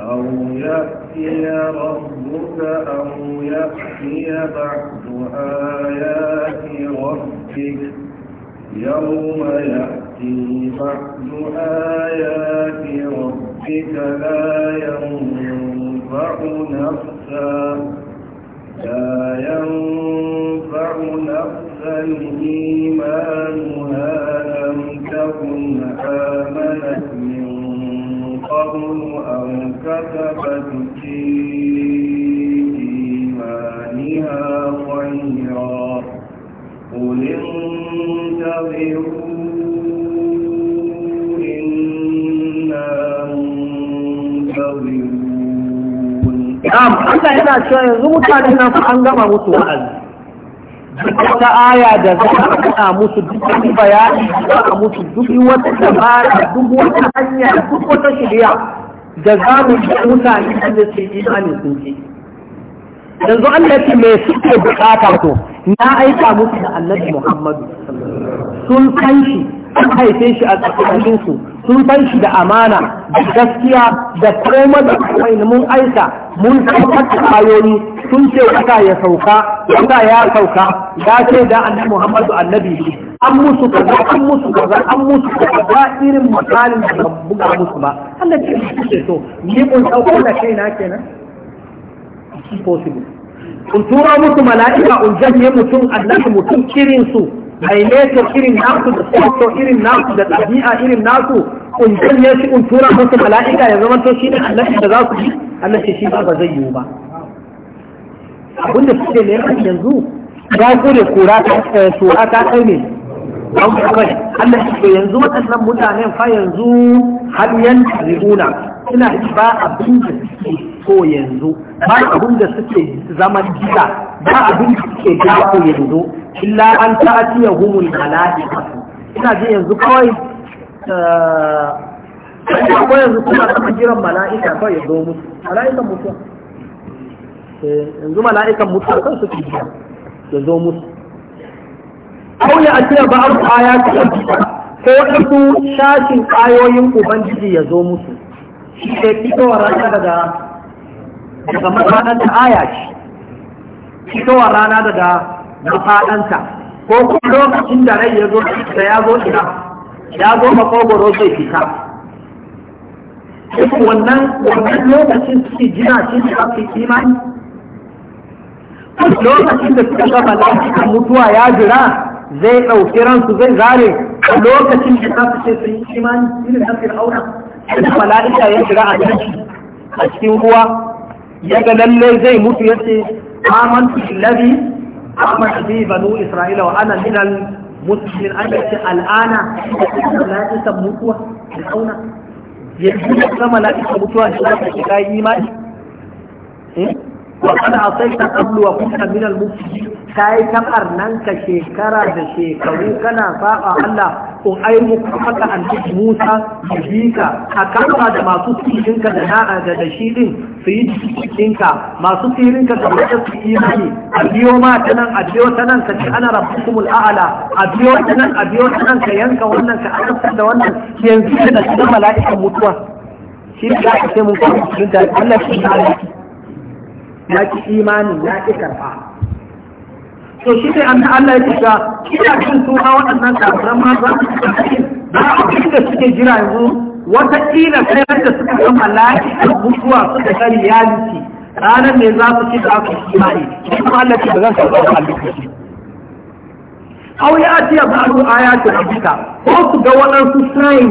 أو يأتي ربك أو يأتي بعد آيات ربك يوم يأتي بعد آيات ربك لا ينفع نفسا لا ينفع نفسا إيمانها Na'am, Allah yana cewa yanzu mutane na su an gama musu wa'azi. Wata aya da za a faɗa musu duk wani bayani za a musu duk wata dabara duk wata hanya duk wata shirya da za mu ji mutane da su imani sun ji. Yanzu Allah ya ce me suke bukata to na aika musu da Annabi Muhammadu sun san shi an haife shi a tsakanin su sun san shi da amana da gaskiya da koma da kawai mun aika mun saukar da ayoyi sun ce wata ya sauka wata ya sauka ya ce da annabi muhammadu annabi an musu kaza an musu kaza an musu kaza ba irin misalin da buga musu ba Allah ce so ni kun saukar da kaina kenan possible. kun tura musu mala'ika un janye mutum annabi mutum kirin su mai nesa irin nasu da tsoto irin nasu da ɗabi'a irin nasu kuntar ya shi tura musu mala'ika ya zama to shi ne Allah da za su yi Allah shi ba ba zai yiwu ba abinda suke ne yanzu ya kure kura ta tsora eh, ta ne don kawai Allah shi ke yanzu waɗannan mutanen fa yanzu hanyar yan suna ba abin da suke so yanzu ba abin da suke zama gida ba abin da suke gafo yanzu illa an ta'atiya humul masu. ina ji yanzu kawai eh, ko yanzu kuma kama jiran mala'ika kawai ya zo musu mala'ikan musu. Eh, yanzu mala'ikan mutuwa kan suke jiya ya zo musu aw ya atiya ta ayati ba, ko wasu shashin ayoyin ubangiji ya zo musu shi ke fitowar rana daga daga mafaɗanta aya ce rana daga mafaɗanta ko kuma lokacin da rai ya zo da ya zo ina ya zo makogoro zai fita wannan wannan lokacin suke jina shi ne ake imani lokacin da suka gaba lafiya mutuwa ya jira zai ɗauki ransu zai zare a lokacin da za su ce sun yi imani irin na fir'auna da mala'ika ya shiga a cikin a cikin ruwa ya ga lalle zai mutu ya ce amantu billahi amana bi banu isra'ila wa ana minal muslimin an yace al'ana mala'ika mutuwa fir'auna yanzu ya ga mala'ika mutuwa shi za ka shiga imani wa kan asaita qablu wa kunta min al mufsidin kai tabar nan ka shekara da shekaru kana sa'a Allah ko ai mu haka an ji Musa da bika a kama da masu cikin ka da na'a da da shi din su yi cikin ka masu cikin ka da wata su yi imani a biyo ma ta nan a biyo ta nan ka ci ana rabbukumul a'la a biyo ta nan a biyo ta nan ka yanka wannan ka azabtar da wannan yanzu da mala'ikan mutuwa shi da ake mun kuma cikin da Allah shi ne ya ki imani ya ki karfa to shi ne an Allah ya kika ina kan su ma waɗannan kafiran ma za su ci ba abin da suke jira yanzu wata kila sai da suka ga da mutuwa suka ga reality ranar ne za su ci da yi imani kuma Allah ya ba zan karɓa ba lokaci aw ya ati ya aya ta rabbika ko su ga waɗansu sign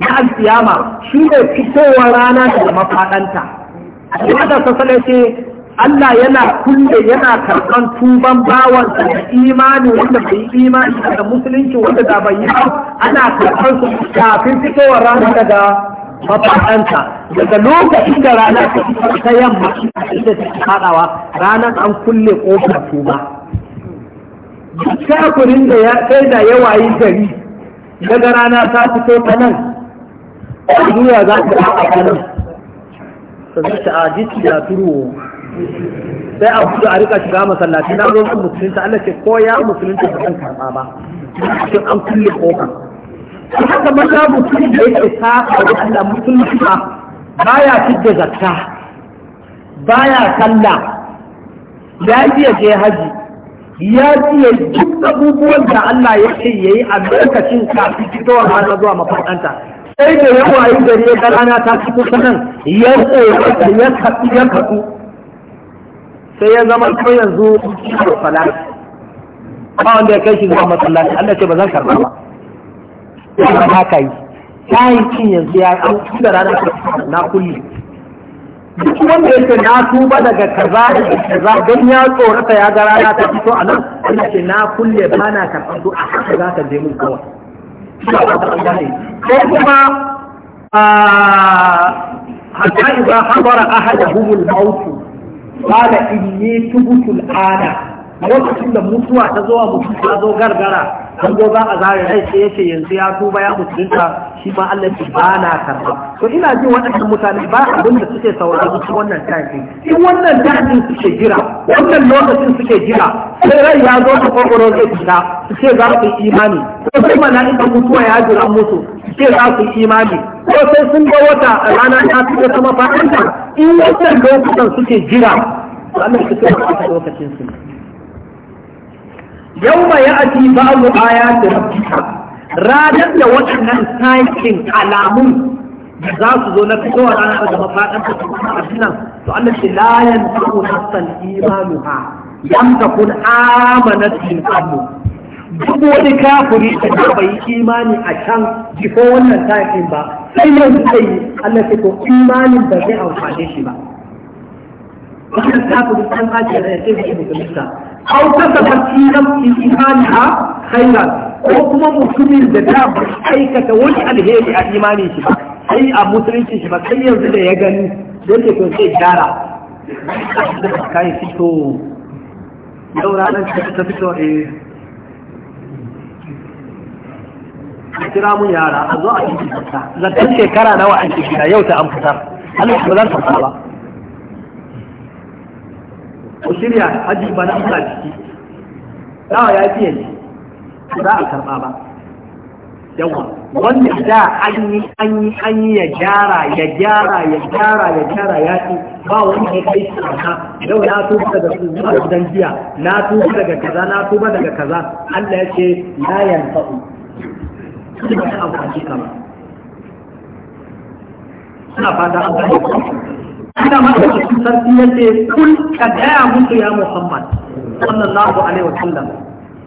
na alkiyama shi ne fitowar rana daga mafaɗanta Allah ta sasale Allah yana kulle yana karɓan tuban bawansa da imani wanda bai yi imani da musulunci wanda da bai yi ana karɓan su kafin fitowar rana daga mafaɗanta daga lokacin da rana ta fi ta yamma inda ta faɗawa ranar an kulle ƙofar tuba kafirin da ya kai da yawa yi gari daga rana ta fito ta nan zuwa za ta faɗa ta nan ta a ta da turuwa sai a fito a rika shiga masallaci na zo musulunta Allah ce ko ya musulunta ba zan karɓa ba shi an kulle kofa haka maza mutum da yake saka da Allah musulunci ba baya fidda ba ya sallah ya fiye je haji ya fiye duk abubuwan da Allah ya ce yi a lokacin kafin fitowar rana zuwa mafaɗanta sai da yawa yi gari ya ta fito sanan ya ya kaɗu ya sai ya zama ko yanzu da salat ba wanda ya kai shi zuwa masallaci Allah ce ba zan karba ba ya ba ka yi cin yanzu ya an da ranar na kulli duk wanda yake na tuba daga kaza da kaza don ya tsorata ya ga rana ta fito a nan Allah ce na kulle ba na karɓar su a haka za ta je mun kawai ko kuma a ah, hatta idza hadara ahaduhum al-maut قال إني تبت الآن lokacin da mutuwa ta zo a mutum ta zo gargara don zo za a zare rai sai yace yanzu ya tuba ya mutunta shi ma Allah ki ba na karba to ina jin waɗannan mutane ba abin da suke saurari su wannan tafi in wannan tafi suke jira wannan lokacin suke jira sai rai ya zo ta kwakwaro zai fita su ce za su yi imani ko sai mala'ikan mutuwa ya jira musu su ce za su yi imani ko sai sun ga wata a rana ta fi ta mafa'anta in wannan lokacin suke jira Allah ki kai lokacin su yawma ya'ti ba'du ayati rabbika ranar da waɗannan sakin alamun za su zo na fito a ranar da mafaɗan ta cikin addinan to Allah ce la yanfa'u nafsan imanuha lam kun amanat min qablu duk wani kafiri da bai imani a can jifo wannan sakin ba sai yanzu sai Allah ce to imanin ba zai amfane shi ba wannan kafin san ake da yake da au imani khairan ko kuma mutumin da da ba aikata wani alheri a imanin shi ba sai a musulunci shi ba sai yanzu da ya gani don ta fito yara a zo a cikin zaton shekara nawa an cikin yau ta an fitar Allah ba za ta ba ku shirya haji ba na Allah ciki dawa ya fiye ne ba za a karɓa ba yawa wanda da an yi an yi an yi ya gyara ya gyara ya gyara ya gyara ya ci ba wani ya kai shi a yau na tuba daga zuwa gidan jiya na tuba daga kaza na tuba daga kaza Allah ya ce na yanfa'u suna amfani kama suna fata an gane ana masa cikin sarki ya ce kun ka gaya musu ya muhammad sallallahu alaihi wasallam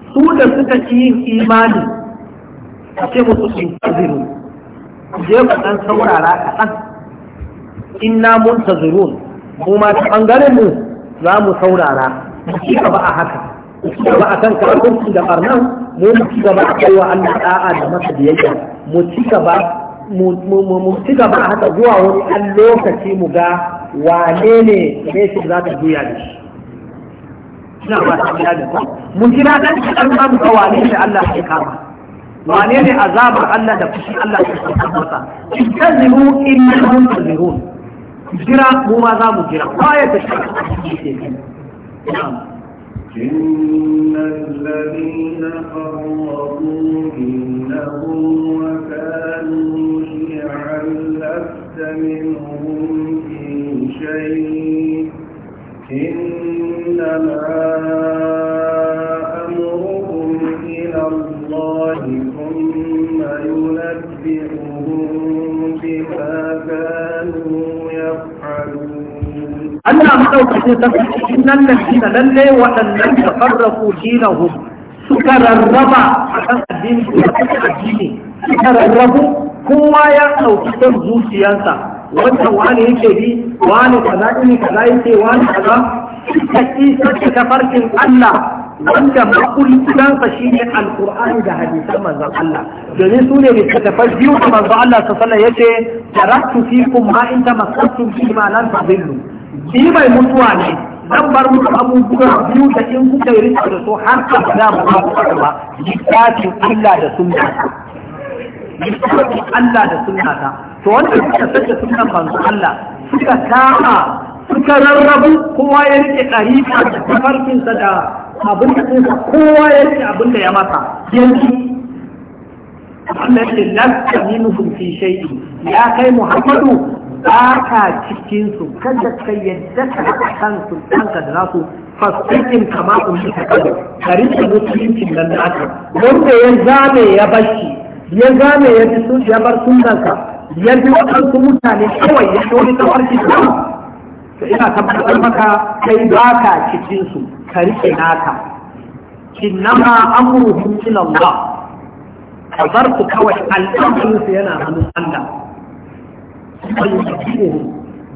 su da suka ci yin imani a ce musu in taziru je ku dan saurara kaɗan inna mun mu ma ta ɓangaren mu za mu saurara mu ci gaba a haka gaba a kan kafirci da barnan mu mu ci gaba a kaiwa Allah da'a da masa biyayya mu ci gaba mu ci gaba a haka zuwa wani an lokaci mu ga wane ne mesin za ta juya da shi ina ba ta juya da mun kira dan kadan ba mu ga wane ne Allah ya kama wane ne azabar Allah da fushi Allah ya kama masa tazimu innahum tazirun jira mu ma za mu jira kwaya ta shi إن الذين فرقوا دينهم وكانوا شيعا لست منهم في شيء إنما أمرهم إلى الله ثم ينبئهم بما كانوا يفعلون أنا أمرهم إن الذين لن وأن تقرفوا دينهم سكر rarraba a الدين سكر suka rarrabu kowa ya ɗauki son zuciyarsa wannan wani yake bi wani kaza ne kaza yake wani kaza suka ki ta farkin Allah wanda makullansa shi ne alkur'ani da hadisan manzon Allah domin su ne littattafai biyu da manzon Allah ta sallah ya ce taraktu fikum ma in tamassaktum bi ma lan tadillu shi mai mutuwa ne zan bar muku abubuwa biyu da in kuka yi rika da su har ka zama ba ku ba littafin Allah da sunna Allah da sunna ta to wanda suka sanya sunan manzo Allah suka kama suka rarrabu kowa ya rike ɗariƙa da tafarkinsa da abin da kowa ya rike abin da ya masa yanzu ka لست منهم في شيء يا كي محمد باكا تشكينسو كذا كي يدفع أحسانسو أنك دراسو فاستقم كما أمشي كذا كريم المسلمين في Wanda وانت يزامي ya bashi. ya gane ya fi sun ya bar sunanka ya fi waɗansu mutane kawai ya shi wani kawar kisa to ina tabbatar maka kai ba ka cikin su ka rike naka innama amruhum ila Allah kabar su kawai al'amarin su yana hannun Allah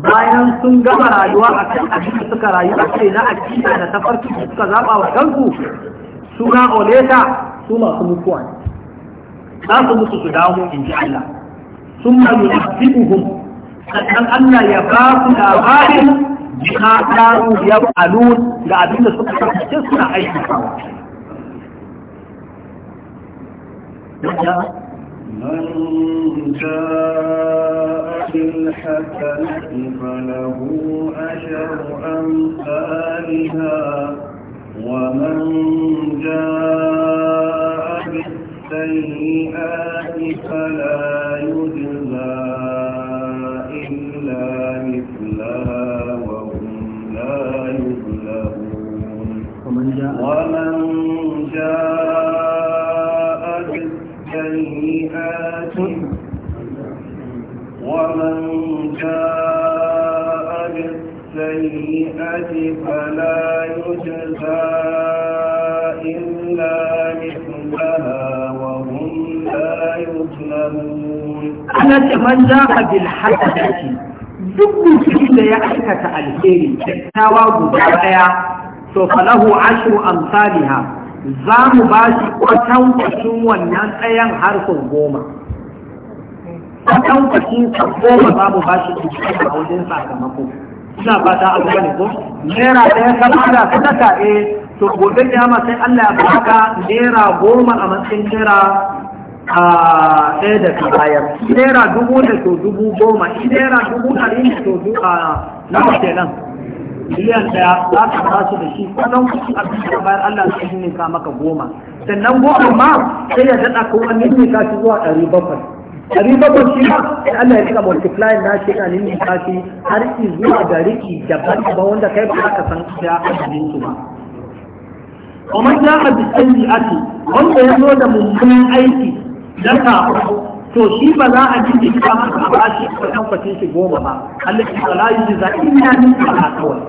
bayan sun gama rayuwa a kan abin suka rayu a kai na aƙida da tafarki suka zaɓa wa kansu suna oleta su masu mutuwa ne za su mutu su dawo in ji Allah sun ma yi asibuhum sannan Allah ya ba su labarin bima ɗaru ya alun da abin da suka kasance suna aiki kawo. من جاء بالحسنة فله أشر أمثالها ومن جاء السيئات فلا يجزى إلا مثلها وهم لا يظلمون ومن جاء بالسيئات ومن جاء بالسيئة فلا يجزى إلا يعلمون أنا من جاء بالحسنة duk mutum da ya aikata alheri kyakkyawa guda ɗaya to falahu ashru amsaliha za mu ba shi kwatankwacin wannan ɗayan har goma za mu ba shi kwatankwacin a wajen sakamako ina fata abu ne ko naira ɗaya ta bada sadaka eh to gobe kiyama sai Allah ya baka naira goma a matsayin naira a ɗaya da fi bayar naira dubu da to dubu goma naira dubu ɗari da to dubu a nawa kenan miliyan ɗaya za ka ba su da shi kwanan kuɗi a cikin bayar Allah yi nika maka goma sannan goma ma sai ya daɗa kuma ninka shi zuwa ɗari bakwai ɗari bakwai shi ma sai Allah ya rika multiply na shi na ninka shi har zuwa ga ki daban-daban wanda kai ba ka san ya adadin su ba. ومن جاء بالسيئة وانت يزود من aiki. na kafin to shi ba za a ji ba a ba shi a tabbacin shi goma ba Allah shi ba layu ji zaɓi ina ni ba a kawai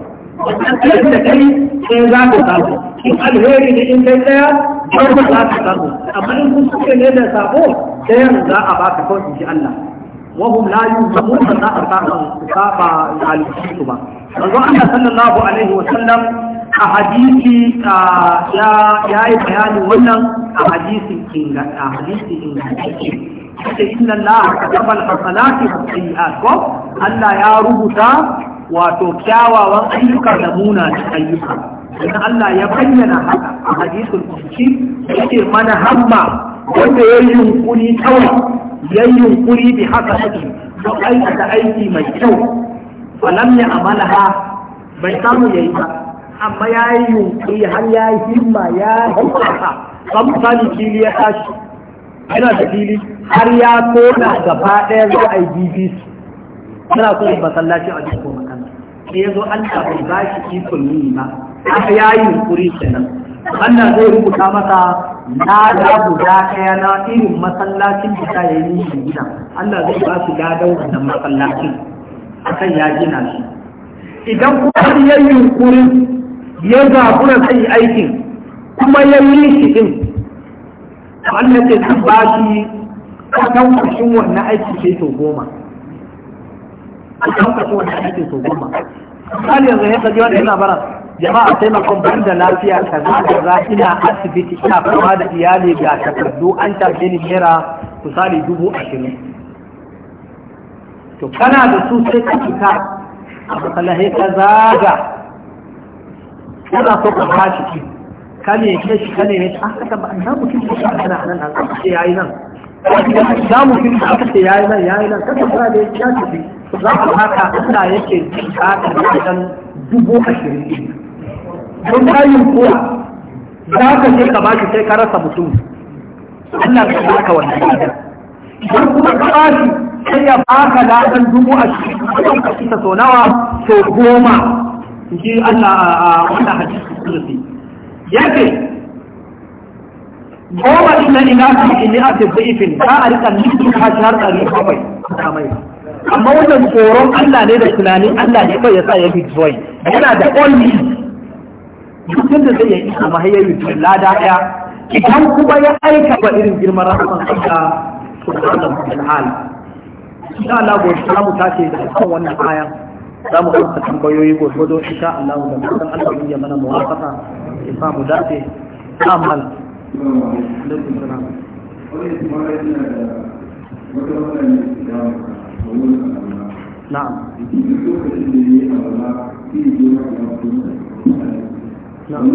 wannan kayan da kai sai za ka samu in alheri ne in kai tsaya don ba za ka samu amma in kun suke ne da sabo ɗayan za a ba baka kawai ji Allah wahum la yuzamu ba za a samu su saba halittu ba manzo Allah sallallahu alaihi wa sallam a hadisi ya yi bayanin wannan a hadisi inganta hadisi inganta inna Allah kataba al-hasanati was-sayyi'at ko Allah ya rubuta wato kyawawan ayyuka da munanan ayyuka dan Allah ya bayyana haka a hadisul qudsi yake mana hamma wanda ya yunkuri kawai ya yunkuri bi haka take to aikata aiki mai kyau falam ya malaha, bai samu yi ba amma ya yi yunƙuri har ya yi himma ya haɓaka kamfani fili ya tashi yana da fili har ya kona gaba ɗaya zuwa a yi bbc suna so masallaci a jikin makana sai ya zo allah tafi ba shi ikon yi ba aka ya yi yunƙuri kenan wannan zai rubuta masa na da guda ɗaya na irin masallacin da ta yi yi gina allah zai ba shi gadon wannan masallacin akan ya gina shi idan kuma ya yi yunƙurin ya kuna zai aikin kuma ya yi shi ɗin Allah ce kan ba shi kasan ƙarshen wannan aiki sai sau goma kasan ƙarshen wannan aiki sau goma misali yanzu ya kaji wanda yana bara jama'a taimakon ban da lafiya kaza kaza ina asibiti ina fama da iyali ga takardu an tafi ni naira misali dubu ashirin to kana da su sai ka fita a masallaci ka zaga yana so ka ba shi ka ne ke shi ka ne ya ce an kasa ba na mutum da shi ana nan an ce ya yi nan za mu fi da aka ce yayi nan yayi nan Ka ba da ya tafi za ku haka Ina yake jinka da dan dubu ashirin din don kayin ko, za ka je ka bashi sai ka rasa mutum Allah ka baka wannan ladan idan kuma ka bashi sai ya baka ladan dubu ashirin ka kisa so nawa goma ji Allah a wannan hadisi kullusi yake goma ina ina su ne a ifin ba a rika nufin hajji har ɗari bakwai a mai amma wannan tsoron Allah ne da tunani, Allah ne kawai ya sa ya fi joy yana da only dukkan da zai yi isa hayyayi joy lada ɗaya idan kuma ya aika ba irin girman rahman Allah da wa ta'ala insha Allah gobe za mu tashi da kan wannan ayan za mu amsa tambayoyi gwargwado insha Allah da fatan Allah ya mana muwafaka ya sa mu dace amal alaikum salam na'am na'am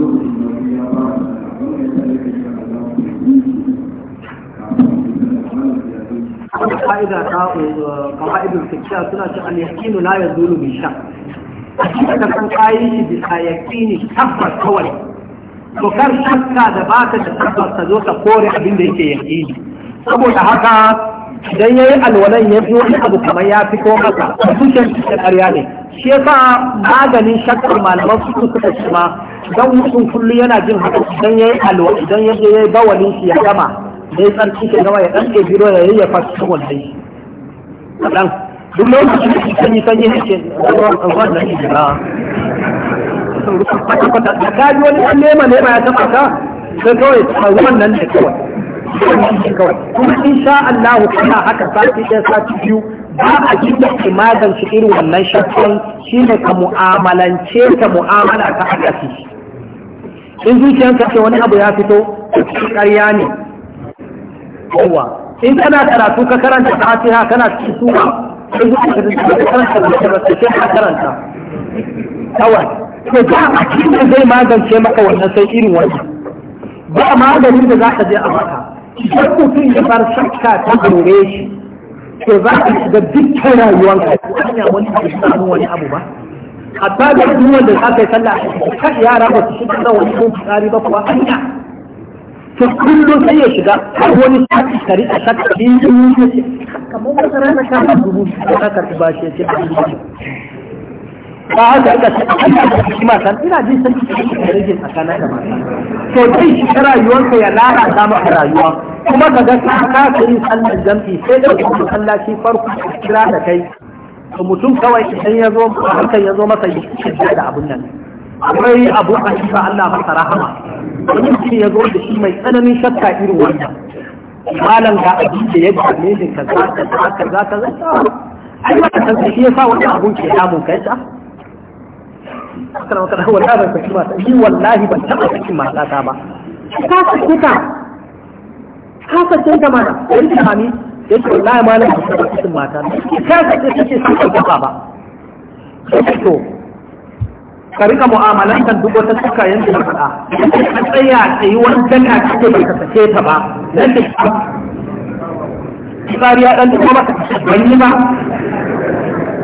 wata fa'ida ta kawa'idun eh, fikiya suna ce al-yaqinu la yazulu bi shak da kan kayi shi bi yaqini tabbas kawai to kar shakka da ba ta da tabbas ka zo ta kore abin da yake yaqini saboda haka idan yayi alwalan ya fi wani abu kamar ya fi ko masa tushen cikin ƙarya ne shi yasa maganin shakkar malaman su suka shi ma dan mutum kullum yana jin haka idan yayi alwa idan yayi bawalin shi ya gama sai tsarki ke gaba ya ɗan ke biro ya yayyafa cikin wannan shi kaɗan duk lokacin da cikin yi sanyi ne ke ruwan da shi jira kwata-kwata da kaji wani ɗan nema nema ya taɓa ka sai kawai ruwan nan da kawai kuma in sha Allah kana haka sati ɗaya sati biyu ba a jin da imagan su irin wannan shakkan shi ne ka mu'amalance ta mu'amala ta akasi in zuciyarka ce wani abu ya fito ƙarya ne yawa in kana karatu ka karanta fatiha kana cikin sura sai karanta ka karanta da sai ka karanta kawai to ba a cikin zai magance maka wannan sai irin wannan ba maganin da za ka je a maka idan mutum ya bar shakka ta dore shi to za ka shiga dukkan rayuwanka ko hanya wani abu ba wani abu ba hatta da duk wanda za ka yi sallah ka yara ba su shiga wani ko tsari ba kuwa hanya to kullum sai ya shiga har wani sati ka rika saka in yi kamar wata rana ka ba dubu da ka karɓi ba shi ya ce a yi ba haka ka saka shi matan ina jin san da rage tsakanin da mata. to dai shi rayuwarka ya lalata maka rayuwa kuma ka ga ka kasa yin sallar jam'i sai da kuma sallaci farko kira da kai mutum kawai idan ya zo hakan ya zo masa yi da abun nan akwai abu a shifa Allah masa rahama wani mutum ya zo da shi mai tsananin shakka irin wannan malam ga abin da ya gane shi kaza kaza kaza kaza ai ba ka san ya sa wannan abun ke damun kai ta kana kana wallahi ban saki mata shi wallahi ban taba saki mata ta ba ka saki ta ka saki ta mana wani ta yace wallahi malam ban taba saki mata ka ta ce ka ba ba to ka rika mu'amalantar duk wata suka yanzu na faɗa ka tsaya ta yi wani dana ce, ba ka sake ta ba nan da shi tsari ya ɗan duka maka wani ba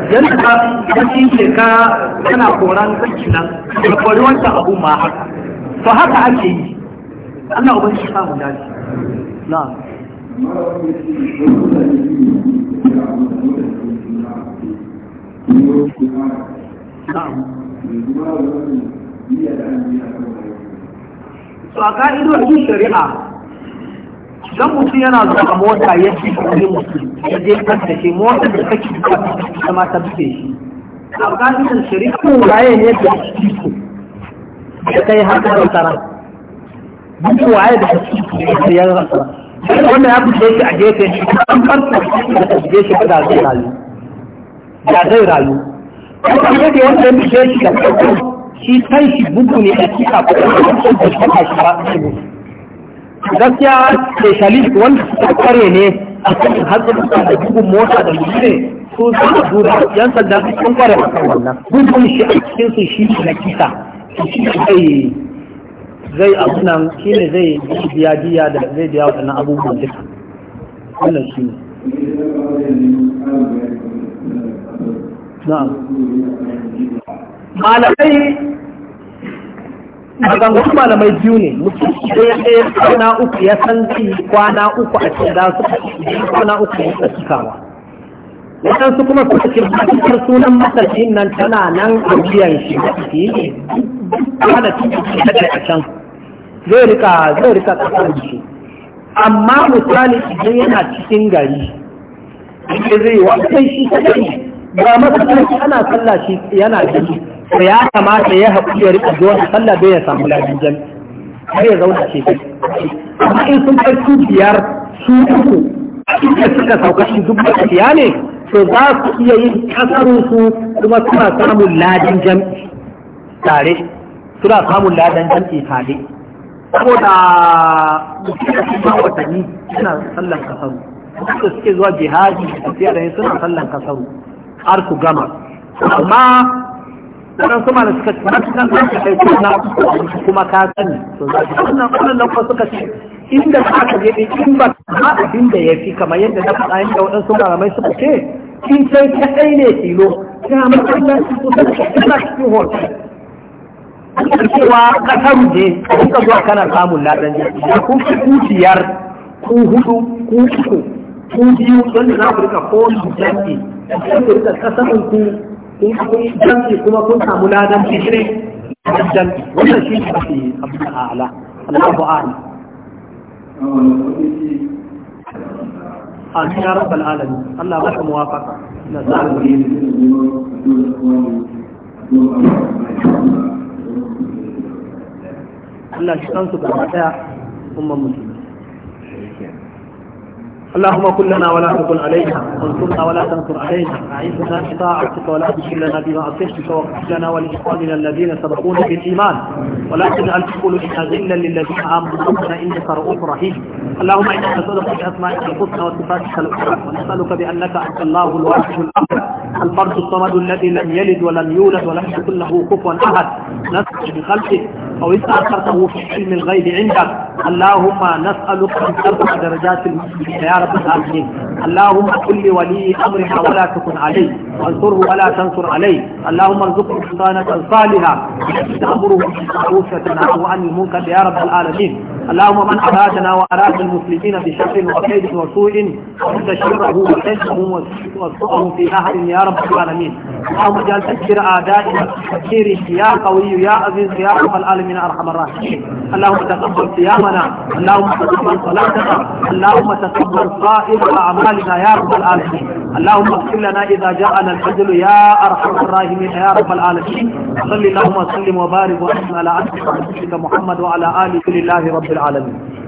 yanzu ka yanzu ke ka yana koran kanki nan da kori wancan abu ma haka to haka ake yi Allah uban shi samu dace na Na'am. So a ka'idodin shari'a don mutum yana zuwa a mota ya ce wani mutum ya je kan da ke mota da kake zuwa da mata buke shi a ka'idodin shari'a kan waye ne da ciki da kai haka da tsara duk waye da ciki da ya rasa wanda ya buke shi a gefe an farko da ta buke shi ga zai rayu da zai rayu kuma yadda wanda ya bishe shi da farko shi kan shi bugu ne a kika ko da shi ba shi ba gaskiya specialist wanda suka kware ne a kan hatsarin da bugun mota da mutane su suka duba yan sanda su sun kware a kan wannan bugun shi a cikin su shi na kisa shi kai zai abu nan shi ne zai biya biya da zai biya waɗannan abubuwan duka wannan shi ne malamai maganganun malamai biyu ne mutum idan ya ɗaya kwana uku ya san zai yi kwana uku a cikin da su kwana uku ya tsakawa waɗansu kuma suka ce matakar sunan masarfin nan tana nan a biyan shi da ke yi kwana cikin da a can zai rika zai rika ƙasar shi amma misali idan yana cikin gari zai yi wa kai shi ta kadai ba masallaci ana sallah shi yana gani to ya kamata ya haƙuri ya riƙa zuwa sallah bai ya samu lafiyar jami har ya zauna ce amma in sun kai su biyar su uku inda suka sauka shi duk da ya ne to za su iya yin kasaru su kuma suna samun ladin jam'i tare suna samun ladan jami tare saboda mutum da kuma watanni suna sallan kasaru da suke zuwa jihadi a tafiya da suna sallan kasaru har ku gama amma ɗan su malam suka ce matukan za ka kai kuna kuma ka sani to za ka wannan wannan nan kuma suka ce inda za ka je in ba ma abin da ya fi kamar yadda na faɗa yadda waɗansu malamai suka ce in kai kaɗai ne tilo ya matsalar su suka ce, kuma cikin hotel cewa ƙasar ne kuka zuwa kana samun ladan jami'a kun fi ku biyar ku hudu ku uku ku biyu wanda za ku rika kowane jam'i da ku rika kasamin ku kun akwai jam'i kuma kun samu ladan fitre, da jam'i wannan shi ne mafi abu da ala Allahu a'lam amin ya rabbal alamin Allah ya baka muwafaqa na zalim Allah shi kansu gaba daya umman musulmi اللهم كن لنا ولا تكن علينا وانصرنا ولا تنصر علينا اعزنا بطاعتك ولا بما بمعصيتك واغفر لنا ولاخواننا الذين سبقونا بالايمان ولا تجعل في قلوبنا غلا للذين امنوا ربنا انك رؤوف رحيم اللهم انا نسالك باسمائك الحسنى وصفاتك الاخرى ونسالك بانك انت الله الواحد الاحد الفرد الصمد الذي لم يلد ولم يولد ولم يكن له كفوا احد نسالك بخلقك او استاثرته في علم الغيب عندك اللهم نسالك ان ترفع درجات المسلمين رب العالمين اللهم كل ولي امرنا ولا تكن عليه وانصره ولا تنصر عليه اللهم ارزقه حصانة صالحة تأمره بالمعروف وتنهاه عن المنكر يا رب العالمين اللهم من أرادنا وأراد المسلمين بشر وكيد وسوء وانت شره وكيدهم وسوءهم في نهر يا رب العالمين اللهم اجعل تكفير أعدائنا تكفيره يا قوي يا عزيز يا رب العالمين أرحم الراحمين اللهم تقبل صيامنا اللهم تقبل صلاتنا اللهم تقبل صائر أعمالنا يا رب العالمين اللهم اغفر لنا إذا جاءنا الفجر يا أرحم الراحمين يا رب العالمين صل اللهم وسلم وبارك وأنزل على عبدك محمد وعلى آله لله رب العالمين